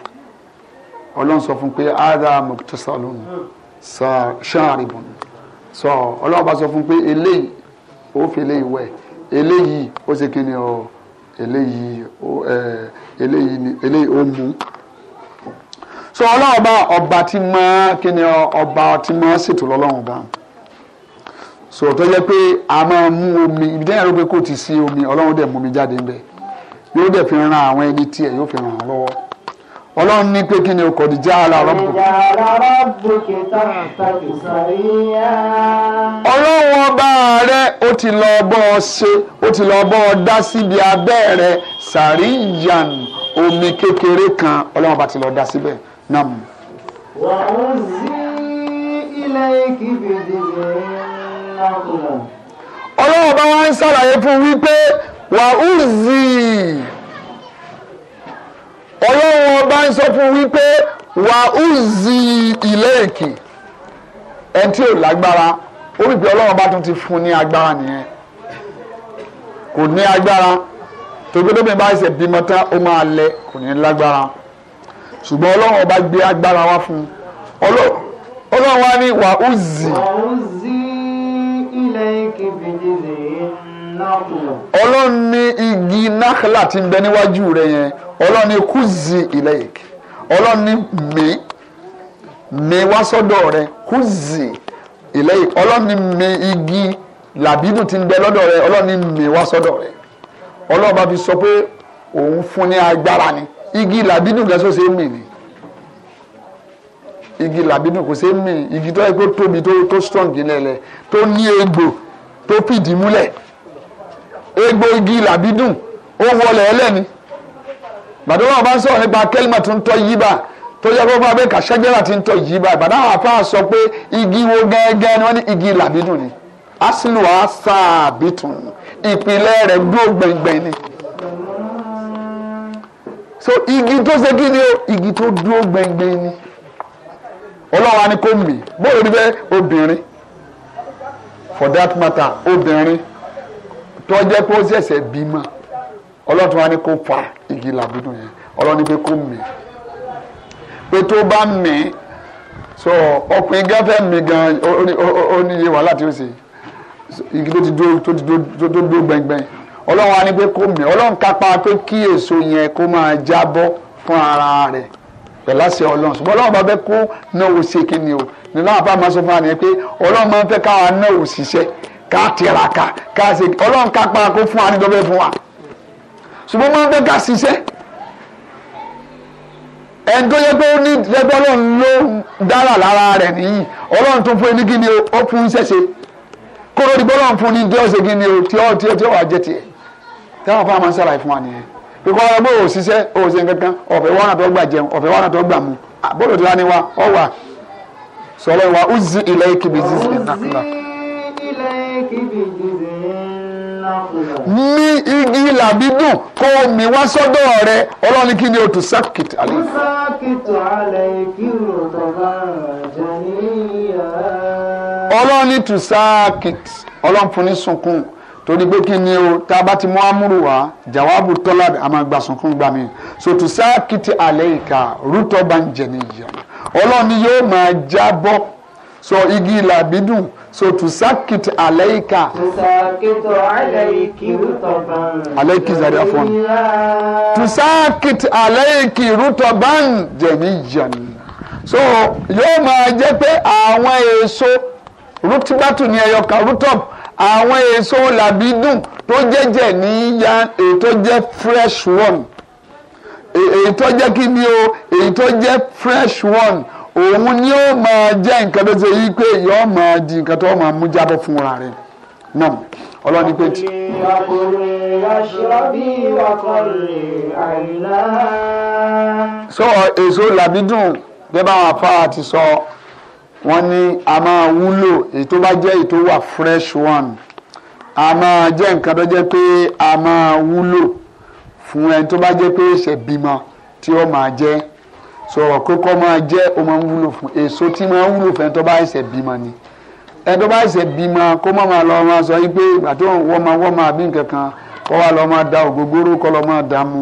Speaker 2: ọlọ́run sọ fún pé ada mọ̀tòsálónù ṣáàrìbùn sọ ọlọ́run bá sọ fún pé eléyìí ó fi eléyìí wẹ̀ eléyìí ó ṣe kí ni ọ eléyìí ó eh, eléyìí ó mú so ọlọ́run bá ọba tí mọ kí ni ọba tí mọ ṣètò lọ́lọ́run bá so tó yẹ pé a máa mú omi ibi tẹ́yìn ló pé kò ti sí omi ọlọ́run dẹ̀ mú mi jáde ńbẹ̀ yóò dẹ̀ fi ran àwọn ẹni tí yóò fi ràn án lọ́wọ́ ọlọ́run ní pé kí ọkọ̀ ìjà ara rọ́bù. ọlọ́run ọba rẹ ó ti lọ bọ́ ọ ṣe ó ti lọ bọ́ ọ dá síbi abẹ́ rẹ sàríyàn omi kékeré kan ọlọ́run ọba ti lọ dá síbẹ̀ نعم
Speaker 1: وهزي إليك بجذع النخلة
Speaker 2: ọlọ́run bá wá ń ṣàlàyé fún wípé wàhùzì ọlọ́run ọba ń sọ fún wípé wàhùzì ìlẹ́ẹ̀kì ẹni tí ò lágbára ó rí pé ọlọ́run bá tún ti fún ní agbára nìyẹn kò ní agbára tògbédébìnrin bá ṣe bímọ tán ó máa lẹ kò ní lágbára ṣùgbọ́n ọlọ́run ọba gbé agbára wá fún un ọlọ́run wá ní wà ó zì. ọlọ́run ní igi nákàlà tí ń bẹ níwájú rẹ yẹn ọlọ́run ní kúzì ilẹ̀ yìí ọlọ́run ní mi mi wá sọ́dọ̀ rẹ kúzì ilẹ̀ yìí ọlọ́run ní mi igi làbídùn tí ń bẹ lọ́dọ̀ rẹ ọlọ́run ní mi wá sọ́dọ̀ rẹ ọlọ́run bá fi sọ pé òun fún ní agbára ni igi làbídùn gan so ṣe ń mì igi làbídùn kò ṣe ń mì igi tó yẹ kó tóbi tó tó strong lẹ́lẹ̀ tó ní egbò tó pìdí múlẹ̀ egbò igi làbídùn ó wọlé ẹlẹ́ni bàtà wọn bá ń sọ̀rọ̀ nípa kẹ́límà tó ń tọ́ yí bá tó yẹ kó fún abẹ́ kàṣẹ́gbẹ́rà tí ń tọ́ yí bá bàtà wọn àfa sọ pé igi wo gẹ́gẹ́ ni wọ́n ní igi làbídùn ni asinu asaabitun ìpìlẹ̀ rẹ̀ dúró gbẹ̀ngbẹ̀ ni so igi tó ṣe kí ni o igi tó dúró gbẹngbẹn ni ọlọ́wà ni kò mì bóyá ni bẹ́ẹ̀ obìnrin for that matter obìnrin tó jẹ́ pé ó ṣẹ̀ṣẹ̀ bímọ ọlọ́tún wa ni kò fa igi làbúdùn yẹn ọlọ́ni pé kò mì pé tó bá mì so ọkùnrin gẹ́fẹ́ mi gan ó níye wàhálà tí ó ṣe igi tó ti dúró gbẹngbẹn ọlọ́run wa ni pé kó mẹ́ ọlọ́run kápá pé kí èso yẹn kó máa jábọ́ fún ara rẹ̀ pẹ̀láṣẹ ọlọ́run ṣùgbọ́n ọlọ́run bá fẹ́ kó náà ò ṣe kí ni o ní láwọn bá máa sọ fún wa ni pé ọlọ́run máa ń fẹ́ káwa náà ò ṣiṣẹ́ ká tiraka ká ṣe ọlọ́run kápá kó fún wa fún wa ṣùgbọ́n máa ń fẹ́ ká ṣiṣẹ́ ẹni tó yẹ pé ó ní lẹ́gbẹ́ ọlọ́run ló dára lára rẹ̀ nìyí ọlọ́run tó fún ẹni ni ó fún ṣẹ̀ṣẹ̀ kó lórí bọ́lọ́run fún ni tí ó ṣe kí ni ó tí ó tí ó wà jẹ́ tiẹ̀ táwọn fún wa máa ń ṣàlàyé fún wa nìyẹn pípọ́ ọ̀rọ̀ bó o ṣiṣẹ́ o ṣe kankan ọ̀fẹ́ wọ́n àtọ́ gbà jẹun ọ̀fẹ́ wọ́n àtọ́ gbà mu bóòlù tó wá ní wa ọ wà sọlọ wa ó zi ilẹ̀ ìkìbì zi ilẹ̀ nàkúlà. ní igi làbí dùn kó o mi wá sọ́dọ̀ rẹ ọlọ́ni kí ni o tù sákìtì àlẹ́.
Speaker 1: sákìtì àlẹ́ kí o tọ́ba
Speaker 2: ọlọ́ni tù sákìtì ọlọ́run fún ní sunkún torí pé kí ni o tá a bá ti mú amúrù wá jawabu tọ́lá a máa gbà sunkún gbà mí sotusa kìtì àlẹ́ ìka rútọ́ bá ń jẹ nìyẹn ọlọ́run yóò máa jábọ́ so igi làbídùn so tusakit àlẹ́ìka.
Speaker 1: tusakit àlẹ́ìkì rútọ̀bán.
Speaker 2: àlẹ́ìkì zari afọ́n. tusakit àlẹ́ìkì rútọ̀bán jẹ̀míyàn. so yóò máa jẹ́ pé àwọn èso rútìbátù ni ẹ̀yọ̀kan rútọ̀bù àwọn èso làbídùn tó jẹ́jẹ̀ níyà èyí tó jẹ́ fresh one èyí tó jẹ́ kí ni o èyí tó jẹ́ fresh one òun ni ó máa jẹ́ nǹkan tó ṣe yí pé yóò máa di nǹkan tó máa mú jábọ̀ fúnra rẹ̀ náà ọlọ́ni pé tí. so èso làbídùn bẹ́ẹ̀ bá wọn afárá ti sọ. So, wọ́n ní a máa wúlò èyí tó bá jẹ́ èyí tó wà fresh one a máa jẹ́ nǹkan tó jẹ́ pé a máa wúlò fún ẹni tó bá jẹ́ pé ṣe bímọ tí ó máa jẹ́ sọ̀rọ̀ kókó máa jẹ́ ó máa wúlò fún èso tí máa wúlò fún ẹni tó bá ṣe bímọ ni ẹni tó bá ṣe bímọ kó má máa lọ máa sọ yí pé ìgbà tó ń wọ́n máa wọ́n máa bí nǹkan kan kó wá lọ máa da ògógóró kó lọ máa dà mu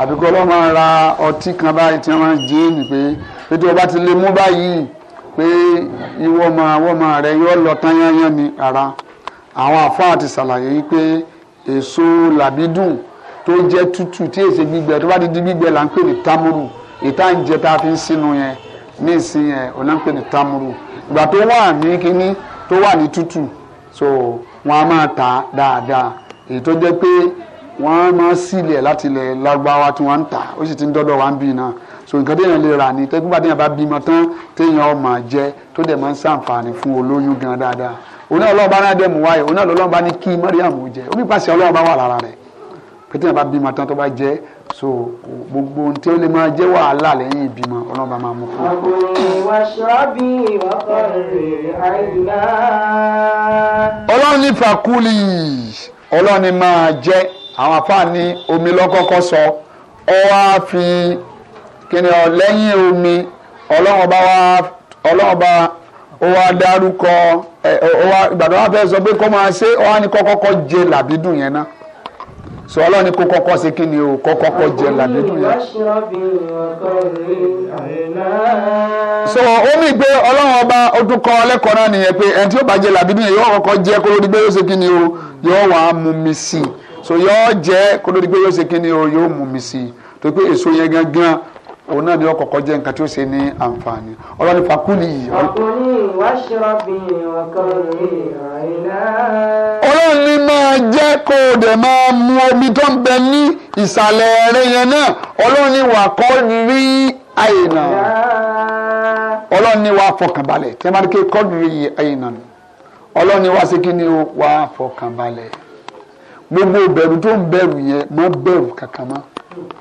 Speaker 2: àbí kó máa ra ọtí kan báyìí tí wọ́n máa jẹ́ nì pé ìwọ ma wọ́n ma rẹ yọ lọ tán yányán mi ara àwọn àfáà ti ṣàlàyé pé èso làbídùn tó jẹ́ tútù tí èsè gbígbẹ tó bá ti di gbígbẹ là ń pè ní támúrù ìta ń jẹ tá a fi ń sínú yẹn ní ìsìn yẹn ò náà ń pè ní támúrù ìgbà tó wà ní kínní tó wà ní tútù so wọn a máa tà dáadáa èyí tó jẹ́ pé wọ́n máa sílẹ̀ láti ilẹ̀ lágbáwá tí wọ́n ń tà ó sì ti ń dọ́dọ̀ wá ń bì náà so nǹkan téèyàn lè rà ní tẹ́gbọ́n téèyàn bá bímọ tán téèyàn máa jẹ tó dẹ̀ máa ń ṣàǹfààní fún olóyún gan dáadáa òun náà ọlọ́run bá náà dẹ̀ mú wáyé òun náà ọlọ́run bá ní kí mọ́ríàmù jẹ omi pàṣẹ ọlọ́run bá wà lára rẹ̀ pé téèyàn bá bímọ tán tó bá jẹ so gbogbo ohun tí ó lè máa jẹ́ wàhálà lẹ́yìn ìbímọ ọlọ́run bá máa mú fún ọlọ́run ní fàkúlì ọlọ́run máa jẹ àwọn afáàní omi lọ́kọ́kọ́ sọ ọ wá fi kíni ọ lẹ́yìn omi ọlọ́run bá wa ọlọ́run bá ó wá dárúkọ ẹ ó wá ìgbàdàn wá sọ pé kó máa ṣe ó wá ní kó jẹ làbídùn sọ so ó pé ọlọ́run ọba ó kọ́ náà nìyẹn pé ẹni tí bá jẹ kọ́kọ́ jẹ kó lórí pé yóò ṣe o yóò wá mú mi sí i so yóò jẹ kó o yóò òun náà ni ó kọ́kọ́ jẹ́ nǹkan tí ó ṣe ní àǹfààní ọlọ́ni fakúlì yìí.
Speaker 1: ọkùnrin ìwà ṣọ́ọ̀bì ọkàn rẹ̀ àìlá.
Speaker 2: ọlọ́run ní máa jẹ́ kó o dẹ̀ máa mu omi tó ń bẹ ní ìsàlẹ̀ ẹ̀rẹ́ yẹn náà ọlọ́run ní wà kọ́ rí àyìnà ọlọ́run ní wà fọkànbalẹ̀ tí
Speaker 1: wọ́n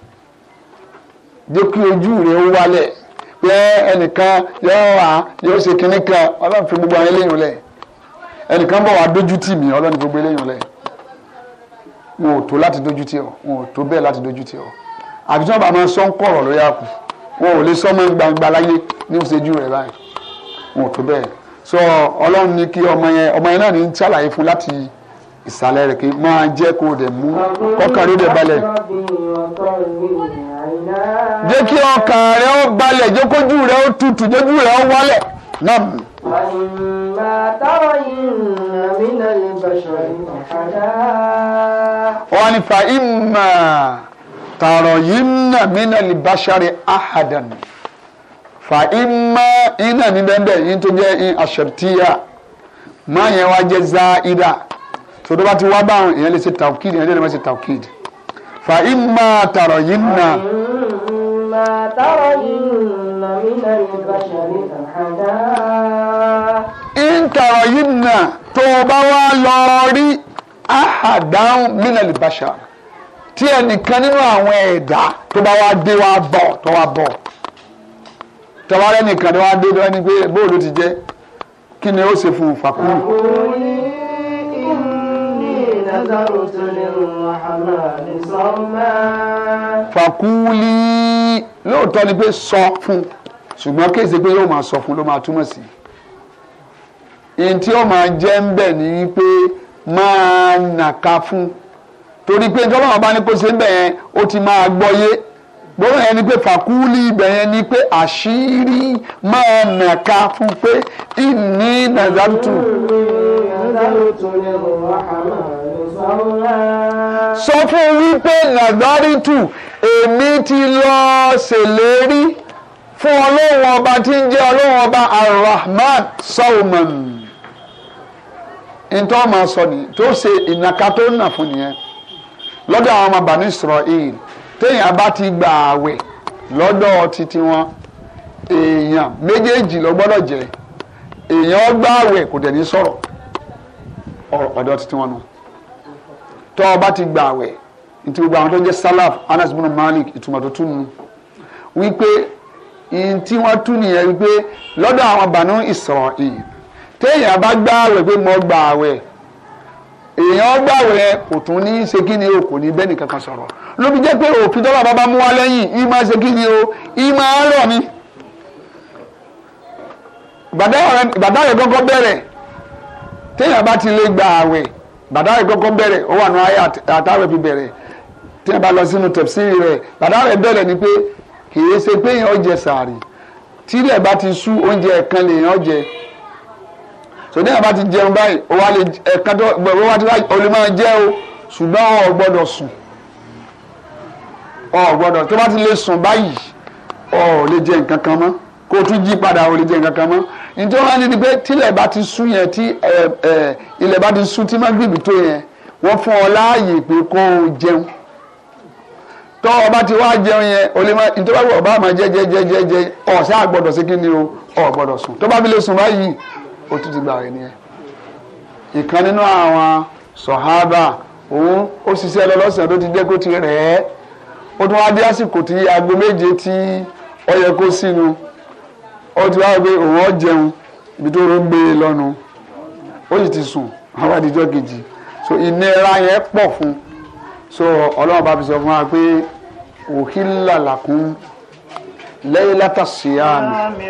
Speaker 2: jẹ́ kí ojú rẹ̀ ó wálẹ̀ pé ẹnìkan yóò wá yóò ṣe kinní kan ọlọ́run fi gbogbo àwọn eléyìí lẹ̀ ẹnìkan bọ̀ wá dójú tì mí ọlọ́run gbogbo eléyìí lẹ̀ wọn ò tó láti dójú tì ọ wọn ò tó bẹ́ẹ̀ láti dójú tì ọ àbí tí wọ́n bá máa sọ ń kọ̀rọ̀ lórí àkù wọn ò lè sọ mọ́ gbangba láyé ní ìṣẹ́jú rẹ̀ báyìí wọn ò tó bẹ́ẹ̀ sọ ọlọ́run ní kí ọmọ yẹn náà ní ń fún láti ìsàlẹ̀ rẹ̀ kí máa jẹ́ kó o dẹ̀ mú kọ́kàrí rẹ̀ balẹ̀
Speaker 1: jẹ́ kí ọkàn rẹ
Speaker 2: ó balẹ̀ jẹ́ kójú rẹ ó tutù jẹ́jú rẹ ó wálẹ̀ wọ́n ní fa ìmọ̀ tààrọ̀ yìí nà mínà lè bá ṣáré áhàdàn fa ìmọ̀ iná ní bẹ́ẹ̀ yìí tó jẹ́ aṣọ̀tíyà máa yẹn wá jẹ́ záídà tó tó bá ti wá báwọn èèyàn lè ṣe tàwùkìdì èèyàn lè ṣe tàwùkìdì fa ìmọ̀ tààrọ̀ yìí nà.
Speaker 1: ما ترين من البشر أحدا
Speaker 2: إن ترين توبا ولوري أحدا من البشر tí ẹnìkan nínú àwọn ẹ̀dá tó bá wá dé wá bọ̀ tó wá bọ̀ tọ́wá rẹ́nìkan tó wá dé tó wá ní pé bóòlù ti jẹ́ kí ni ó ṣe fún un fàkúrú.
Speaker 1: ذكرت للرحمن صوما.
Speaker 2: فقولي lóòótọ́ ni pé sọ fún ṣùgbọ́n kéèsì pé yóò máa sọ fún ló máa túmọ̀ sí ìyẹn tí yóò máa jẹ́ ń bẹ̀ ni wípé máa nàka fún torí pé ìjọba àwọn bá ṣe ń bẹ̀ yẹn ó ti máa gbọ́ gbọ́dọ̀ ẹni pé fàkúlì ibẹ̀ yẹn ni pé àṣírí máa nàka fún pé ìní nàzàtù. sọ fún wípé nàzàrìtù èmi ti lọ ṣèlérí fún ọlọ́run ọba tí ń jẹ́ ọlọ́run ọba arahman salman ntọ́ máa sọ nìyẹn tó ṣe ìnàka tó ń nà fún nìyẹn lọ́dọ̀ àwọn ọmọ bani Israel téèyàn bá ti gbà àwẹ̀ lọ́dọ̀ titi wọn èèyàn méjèèjì ló gbọ́dọ̀ jẹ́ èèyàn gbà àwẹ̀ kò dẹ̀ ní sọ̀rọ̀ ọ̀dọ̀ titi wọn nù tọ́ ọ bá ti gbà àwẹ̀ ìtì gbogbo àwọn tó ń jẹ́ salaf Anas bin Malik ìtumọ̀ tó tún nu wípé ìyìn tí wọ́n tún nìyẹn wípé lọ́dọ̀ àwọn Banu Isra'il téèyàn bá gbà àwẹ̀ pé mo gbà àwẹ̀ èèyàn gbàwẹ̀ kò tún ní í ṣe kí ni o kò ní bẹ́ẹ̀ nìkan kan sọ̀rọ̀ ló fi jẹ́ pé òfin tọ́lá bàbá mú wa lẹ́yìn í máa ṣe kí ni o í máa rọ̀ mi. bàdá rẹ̀ kọ́kọ́ bẹ̀rẹ̀ téèyàn bá ti lè gba àwẹ̀ ìbàdá rẹ̀ kọ́kọ́ bẹ̀rẹ̀ ó wà nù ayé àtàwẹ̀ fi bẹ̀rẹ̀ téèyàn bá lọ sínú tẹ̀síìrì rẹ̀ ìbàdá rẹ̀ bẹ̀rẹ̀ ni pé kì í ṣe pé èèyàn jẹ sàárì sòdí àbá ti jẹun báyìí ó wá lè ẹ̀kan tó gbogbo wá ti wá olè máa jẹ́ o ṣùgbọ́n ọ̀ gbọ́dọ̀ sùn ọ̀ gbọ́dọ̀ tó bá ti lè sùn báyìí ọ̀ lè jẹ nǹkan kan mọ́ kó o tún jí padà ọ̀ lè jẹ nǹkan kan mọ́ nítorí wọn ní ni pé tílẹ̀ bá ti sún yẹn tí ilẹ̀ bá ti sún tí mágbèbí tó yẹn wọ́n fún ọ láàyè pé kó o jẹun tọ́ ọ bá ti wá jẹun yẹn o lè má nítorí wọn bá máa jẹ jẹ jẹ jẹ ọ̀sẹ̀ àgbọ̀dọ̀ sí ó tún ti gbà rẹ̀ ẹ ìkan nínú àwọn sọ̀hábà òun ó ṣiṣẹ́ lọ́lọ́sàn tó ti jẹ́ kó ti rẹ̀ ẹ́ ó tún wá dé àsìkò tí aago méje tí ó kó sínu ó ti wá gbé òun ó jẹun ibi tó rún gbé e lọnu ó sì ti sùn àwọn kejì so ìnira yẹn fún so fi sọ fún wa pé lẹ́yìn látà síyáàmì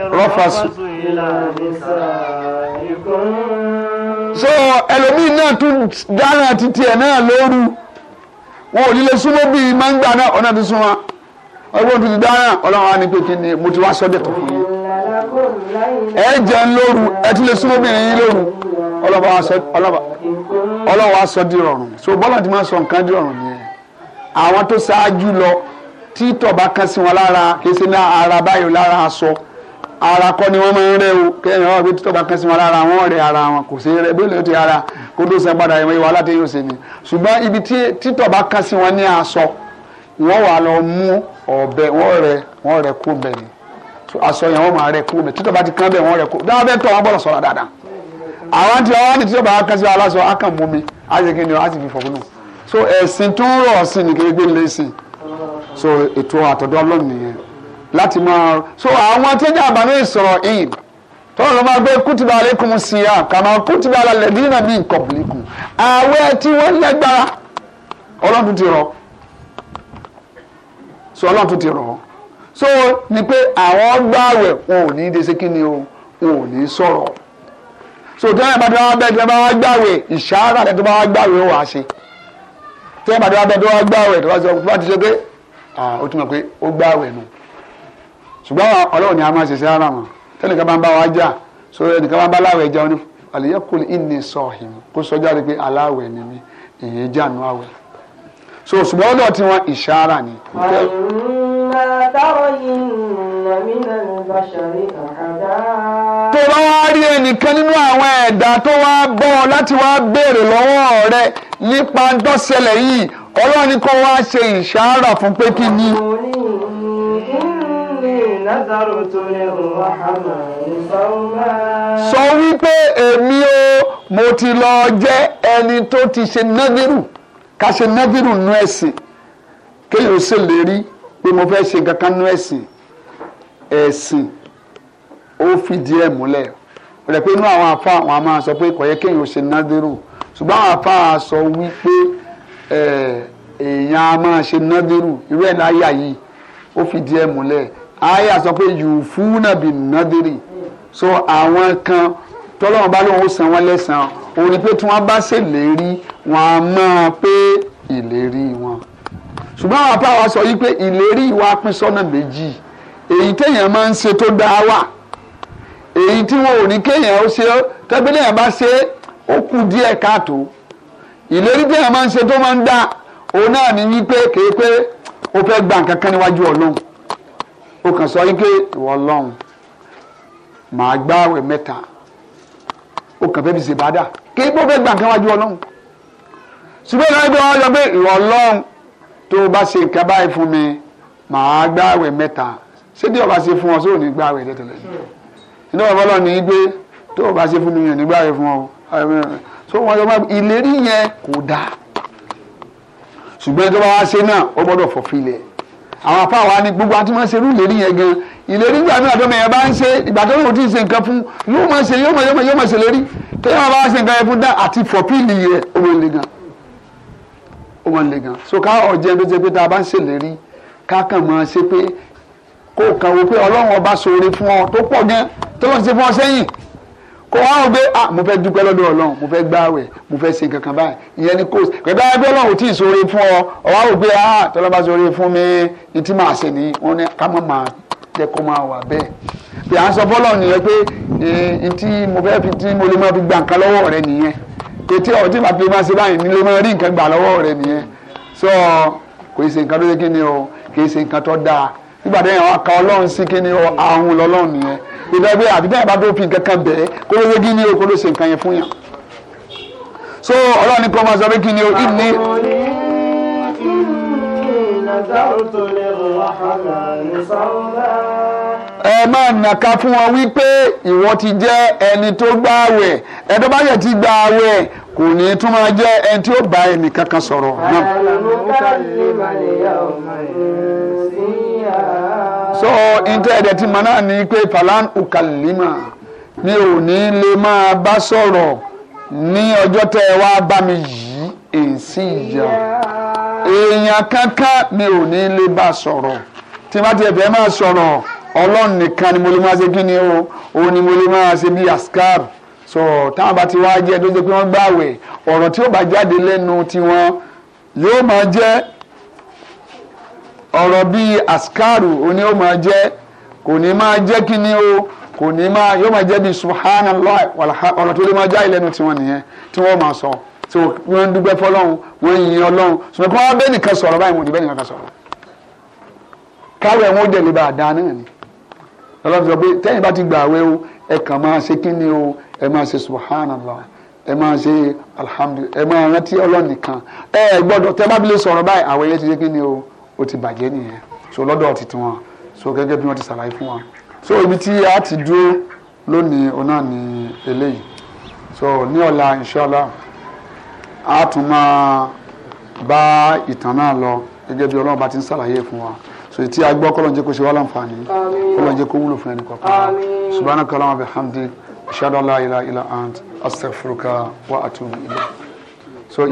Speaker 1: so ẹlòmíì
Speaker 2: náà tún dáná títí ẹ̀ náà lóru wọn ò nílé súnmọ́ bíi máa ń gbà náà ọ̀nà ti súnmọ́ ọgbọ́n ti dáná ọlọ́run á ní pé kí ni mo ti wá sọ́dẹ̀ tó fún yín ẹ jẹun lóru ẹ ti lè súnmọ́ bíi yín lóru ọlọ́wọ́ aṣọ dìrọ̀rùn so bọ́lá ti máa sọ nǹkan dìrọ̀rùn nìyẹn àwọn tó ṣáájú lọ títọ̀ bá kán sí wọn lára kìí ṣe ní ara báyìí lára aṣọ ara kọ́ ni wọ́n máa ń rẹ́ o kẹ́hìn wọn gbé títọ̀ bá kán sí wọn lára wọn rẹ̀ ara wọn kò sí rẹ̀ bóyá lóyún ti ara kó tó sàn padà ìwọ̀n ìwà aláàtẹ̀ yóò ṣe ni ṣùgbọ́n ibi tí títọ̀ bá kán sí wọn ní aṣọ wọ́n wà lọ mú ọ̀bẹ wọ́n rẹ̀ wọ́n rẹ̀ kú bẹ̀ ni aṣọ yẹn wọ́n máa rẹ̀ kú bẹ̀ títọ̀ bá ti kán bẹ̀ wọ́n rẹ̀ kú dáhà bẹ́ẹ̀ tọ̀ wọ́n gbọ́dọ̀ sọ̀rọ̀ dáadáa àwọn tí wọ́n wá ní títọ̀ bá sí wọn aláṣọ akàn mú mi á so ẹ̀sìn tó ń rọ̀ sí so ètò àtọ̀dọ́ ọlọ́run nìyẹn láti máa so àwọn atẹ́jà àbáyé sọ̀rọ̀ ìn tọ́lọ́ ló máa gbé kútìbà aleikum síyà kàmá kútìbà alẹ́ dínà bíi kọ̀bùlìkù àwẹ̀ tí wọ́n lágbára ọlọ́run ti rọ̀ so ọlọ́run ti rọ̀ so ni pé àwọn gbààwẹ̀ wọn ò ní dese kí ni o wọn ò ní sọ̀rọ̀ so tí wọ́n yà bá tí wọ́n bá bẹ́ẹ̀ tí wọ́n bá wá gbààwẹ̀ ìṣàárà tí wọ́n bá wá gbààwẹ̀ wọ́n á ṣe. tí wọn bàtí wọn tó wọn gbá tó wá sọ ti ṣe pé ah, ó túmọ̀ pé ó ṣùgbọ́n ọlọ́run ni a máa ṣe sí ara wọn tẹ́nìkan bá ń bá wa jà so ẹnìkan bá ń bá láwẹ̀ jẹun pé aláwẹ̀ ni so ṣùgbọ́n ọlọ́run ti wọn ni. tó bá wá rí ẹnìkan nípa dọ́sẹ̀lẹ̀ yìí ọlọ́run ni kó wá ṣe ìṣàárà fún pé kí ni. sọ wípé èmi o mo ti lọ jẹ́ ẹni tó ti ṣe nẹ́bírù ká ṣe nẹ́bírù nú ẹ̀sìn kéèyàn ṣèlérí pé mo fẹ́ ṣe kankan nú ẹ̀sìn ẹ̀sìn ó fìdí ẹ̀ múlẹ̀ rẹ̀ pé inú àwọn afọ àwọn a máa sọ pé kò yẹ kéèyàn ṣe nẹ́bírù ṣùgbọ́n àwọn afáà sọ wípé èèyàn a máa ṣe nádìrú irú ẹ̀ láyà yìí ó fi díẹ̀ múlẹ̀ àyà sọ pé yùfúnà bí nádìrì so àwọn kan tọ́lọ́wọ́n bá lóun ó san wọ́n lẹ́sàn-án òun ni pé tí wọ́n bá ṣèlérí wọn a máa pé ìlérí wọn ṣùgbọ́n àwọn apá wa sọ yìí pé ìlérí wa pín sọ́nà méjì èyí téèyàn máa ń ṣe tó dáa wà èyí tí wọn ò ní kéèyàn ó ṣe tẹ́gbẹ́lẹ́yìn bá ṣe é ó kù díẹ̀ káàtó ìlérí tí èèyàn máa ń ṣe tó máa ń dá òun náà ní wípé kéé pé ó fẹ́ gba nǹkan kan níwájú ọlọ́run ó kàn sọ wípé ìwọ ọlọ́run màá gbààwẹ̀ mẹ́ta ó kàn fẹ́ fi ṣèbádà kéé pé ó fẹ́ gba nǹkan níwájú ọlọ́run ṣùgbọ́n ìlànà ìgbà wọn yọ pé ìwọ ọlọ́run tó o bá ṣe nǹkan báyìí fún mi màá gbààwẹ̀ mẹ́ta ṣé bí ọba ṣe fún ọ sóò ní gbààwẹ̀ tẹ́tẹ̀lẹ́ ní ní so wọn jọ máa ìlérí yẹn kò dáa ṣùgbọ́n ìjọba wa ṣe náà ó gbọ́dọ̀ fọ̀filẹ̀ àwọn afá wa ni gbogbo àti máa ṣe irú ìlérí yẹn gan ìlérí gbà mí àtọ́mọ yẹn bá ń ṣe ìgbà tó lóun ti ṣe nǹkan fún yóò máa ṣe yóò máa yóò máa yóò máa ṣe lérí téèyàn bá ṣe nǹkan yẹn fún dá àti fọ̀pìlì yẹn ó máa le gan ó máa le gan so ká ọ̀jẹ̀ tó ṣe pé tá a bá ń ṣèlérí ká kàn máa ṣe pé kó kàn wò pé ọlọ́run ọba ṣoore fún ọ tó pọ̀ gan tó lọ́ ti ṣe fún ọ sẹ́yìn kò wá wọn gbé ah mo fẹ́ dúpẹ́ lọ́dọ̀ ọlọ́run mo fẹ́ gbààwẹ̀ mo fẹ́ ṣe kankan báyìí ìyẹn ni kóòsì pẹ̀lú ẹgbẹ́ ọlọ́run ò tí ì ṣoore fún ọ ọwọ́ àwọn gbé ah tọ́lá bá ṣoore fún mi ìtì máa ṣe ni wọ́n ní ká má máa jẹ́ kó máa wà bẹ́ẹ̀ bí à ń sọ fọ́lọ́run nìyẹn pé ìtì mo fẹ́ fi tí mo lè máa fi gba nǹkan lọ́wọ́ rẹ nìyẹn kò ọ̀ tí màá fi máa ṣe báyìí nílé máa rí nǹkan gbà lọ́wọ́ rẹ nìyẹn so kò í ṣe ni o kì í ṣe nǹkan tó dáa nígbà tó yẹn ìbẹ́gbẹ́ àbídá ìbá tó fi nǹkan kan kó ló yegi ní o ló ṣe nǹkan yẹn fún yàn. so ọlọ́run ní kó máa sọ pé kí ni o kí ni. ẹ máa nàka fún wọn wípé ìwọ ti jẹ́ ẹni tó gbààwẹ̀ ẹ tó bá yẹ ti gbààwẹ̀ kò ní tún máa jẹ́ ẹni tí ó bá ẹnì kankan sọ̀rọ̀ náà so ntẹ́ ẹ̀dẹ̀ ti ni pé falan ukalima mi ò ní lè máa bá sọ̀rọ̀ ní ọjọ́ tẹ́ ẹ wá bá mi yìí èsì ìjà èèyàn kankan mi ò ní lè bá sọ̀rọ̀ tí má ti ẹ̀fẹ̀ máa sọ̀rọ̀ ọlọ́run nìkan ni mo lè máa ṣe kí ni o òun ni mo lè máa ṣe bí askar so táwọn bá ti wá jẹ́ tó ṣe pé wọ́n gbààwẹ̀ ọ̀rọ̀ tí ó bá jáde lẹ́nu tiwọn yóò máa jẹ́ ọ̀rọ̀ bíi askaru òní ó máa jẹ́ kò ní máa jẹ́ kí ni o kò ní máa yóò máa jẹ́ bíi subhanallah ọ̀rọ̀ tó lè máa já ìlẹ́nu tiwọn nìyẹn tí wọ́n máa sọ tí wọ́n ń dúpẹ́ fọlọ́run wọ́n ń yin ọlọ́run ṣùgbọ́n kí wọ́n bẹ́ẹ̀ nìkan sọ̀rọ̀ báyìí wọ́n ti bẹ́ẹ̀ nìkan sọ̀rọ̀ káwé wọn ó dẹ̀ lè bá a náà ni ọlọ́run sọ pé tẹ́yìn bá ti gbàwé o ẹ kàn máa ṣe kí ni o ẹ máa ṣe subhanallah ẹ máa ṣe alhamdulillah ẹ máa rántí ọlọ́run nìkan ẹ gbọ́dọ̀ tẹ́ bá fi lè sọ̀rọ̀ báyìí àwọn ẹyẹ ti ṣe kí ni o ó ti bàjẹ́ nìyẹn so lọ́dọ̀ ti tiwọn so gẹ́gẹ́ bí wọ́n ti ṣàlàyé fún wa so ibi tí a ti dúró lónìí òun náà ni eléyìí so ní ọ̀la inṣọ́lá a tún máa bá ìtàn náà lọ gẹ́gẹ́ bí ọlọ́run bá ti ń ṣàlàyé fún wa so tí a gbọ́ kọ́lọ́n jẹ́ kó ṣe wá láǹfààní kọ́lọ́n jẹ́ kó wúlò fún ẹnì kọ̀ọ̀kan subhanaka Allahumma bihamdik ashhadu an la ilaha illa ant astaghfiruka wa atubu ilayk.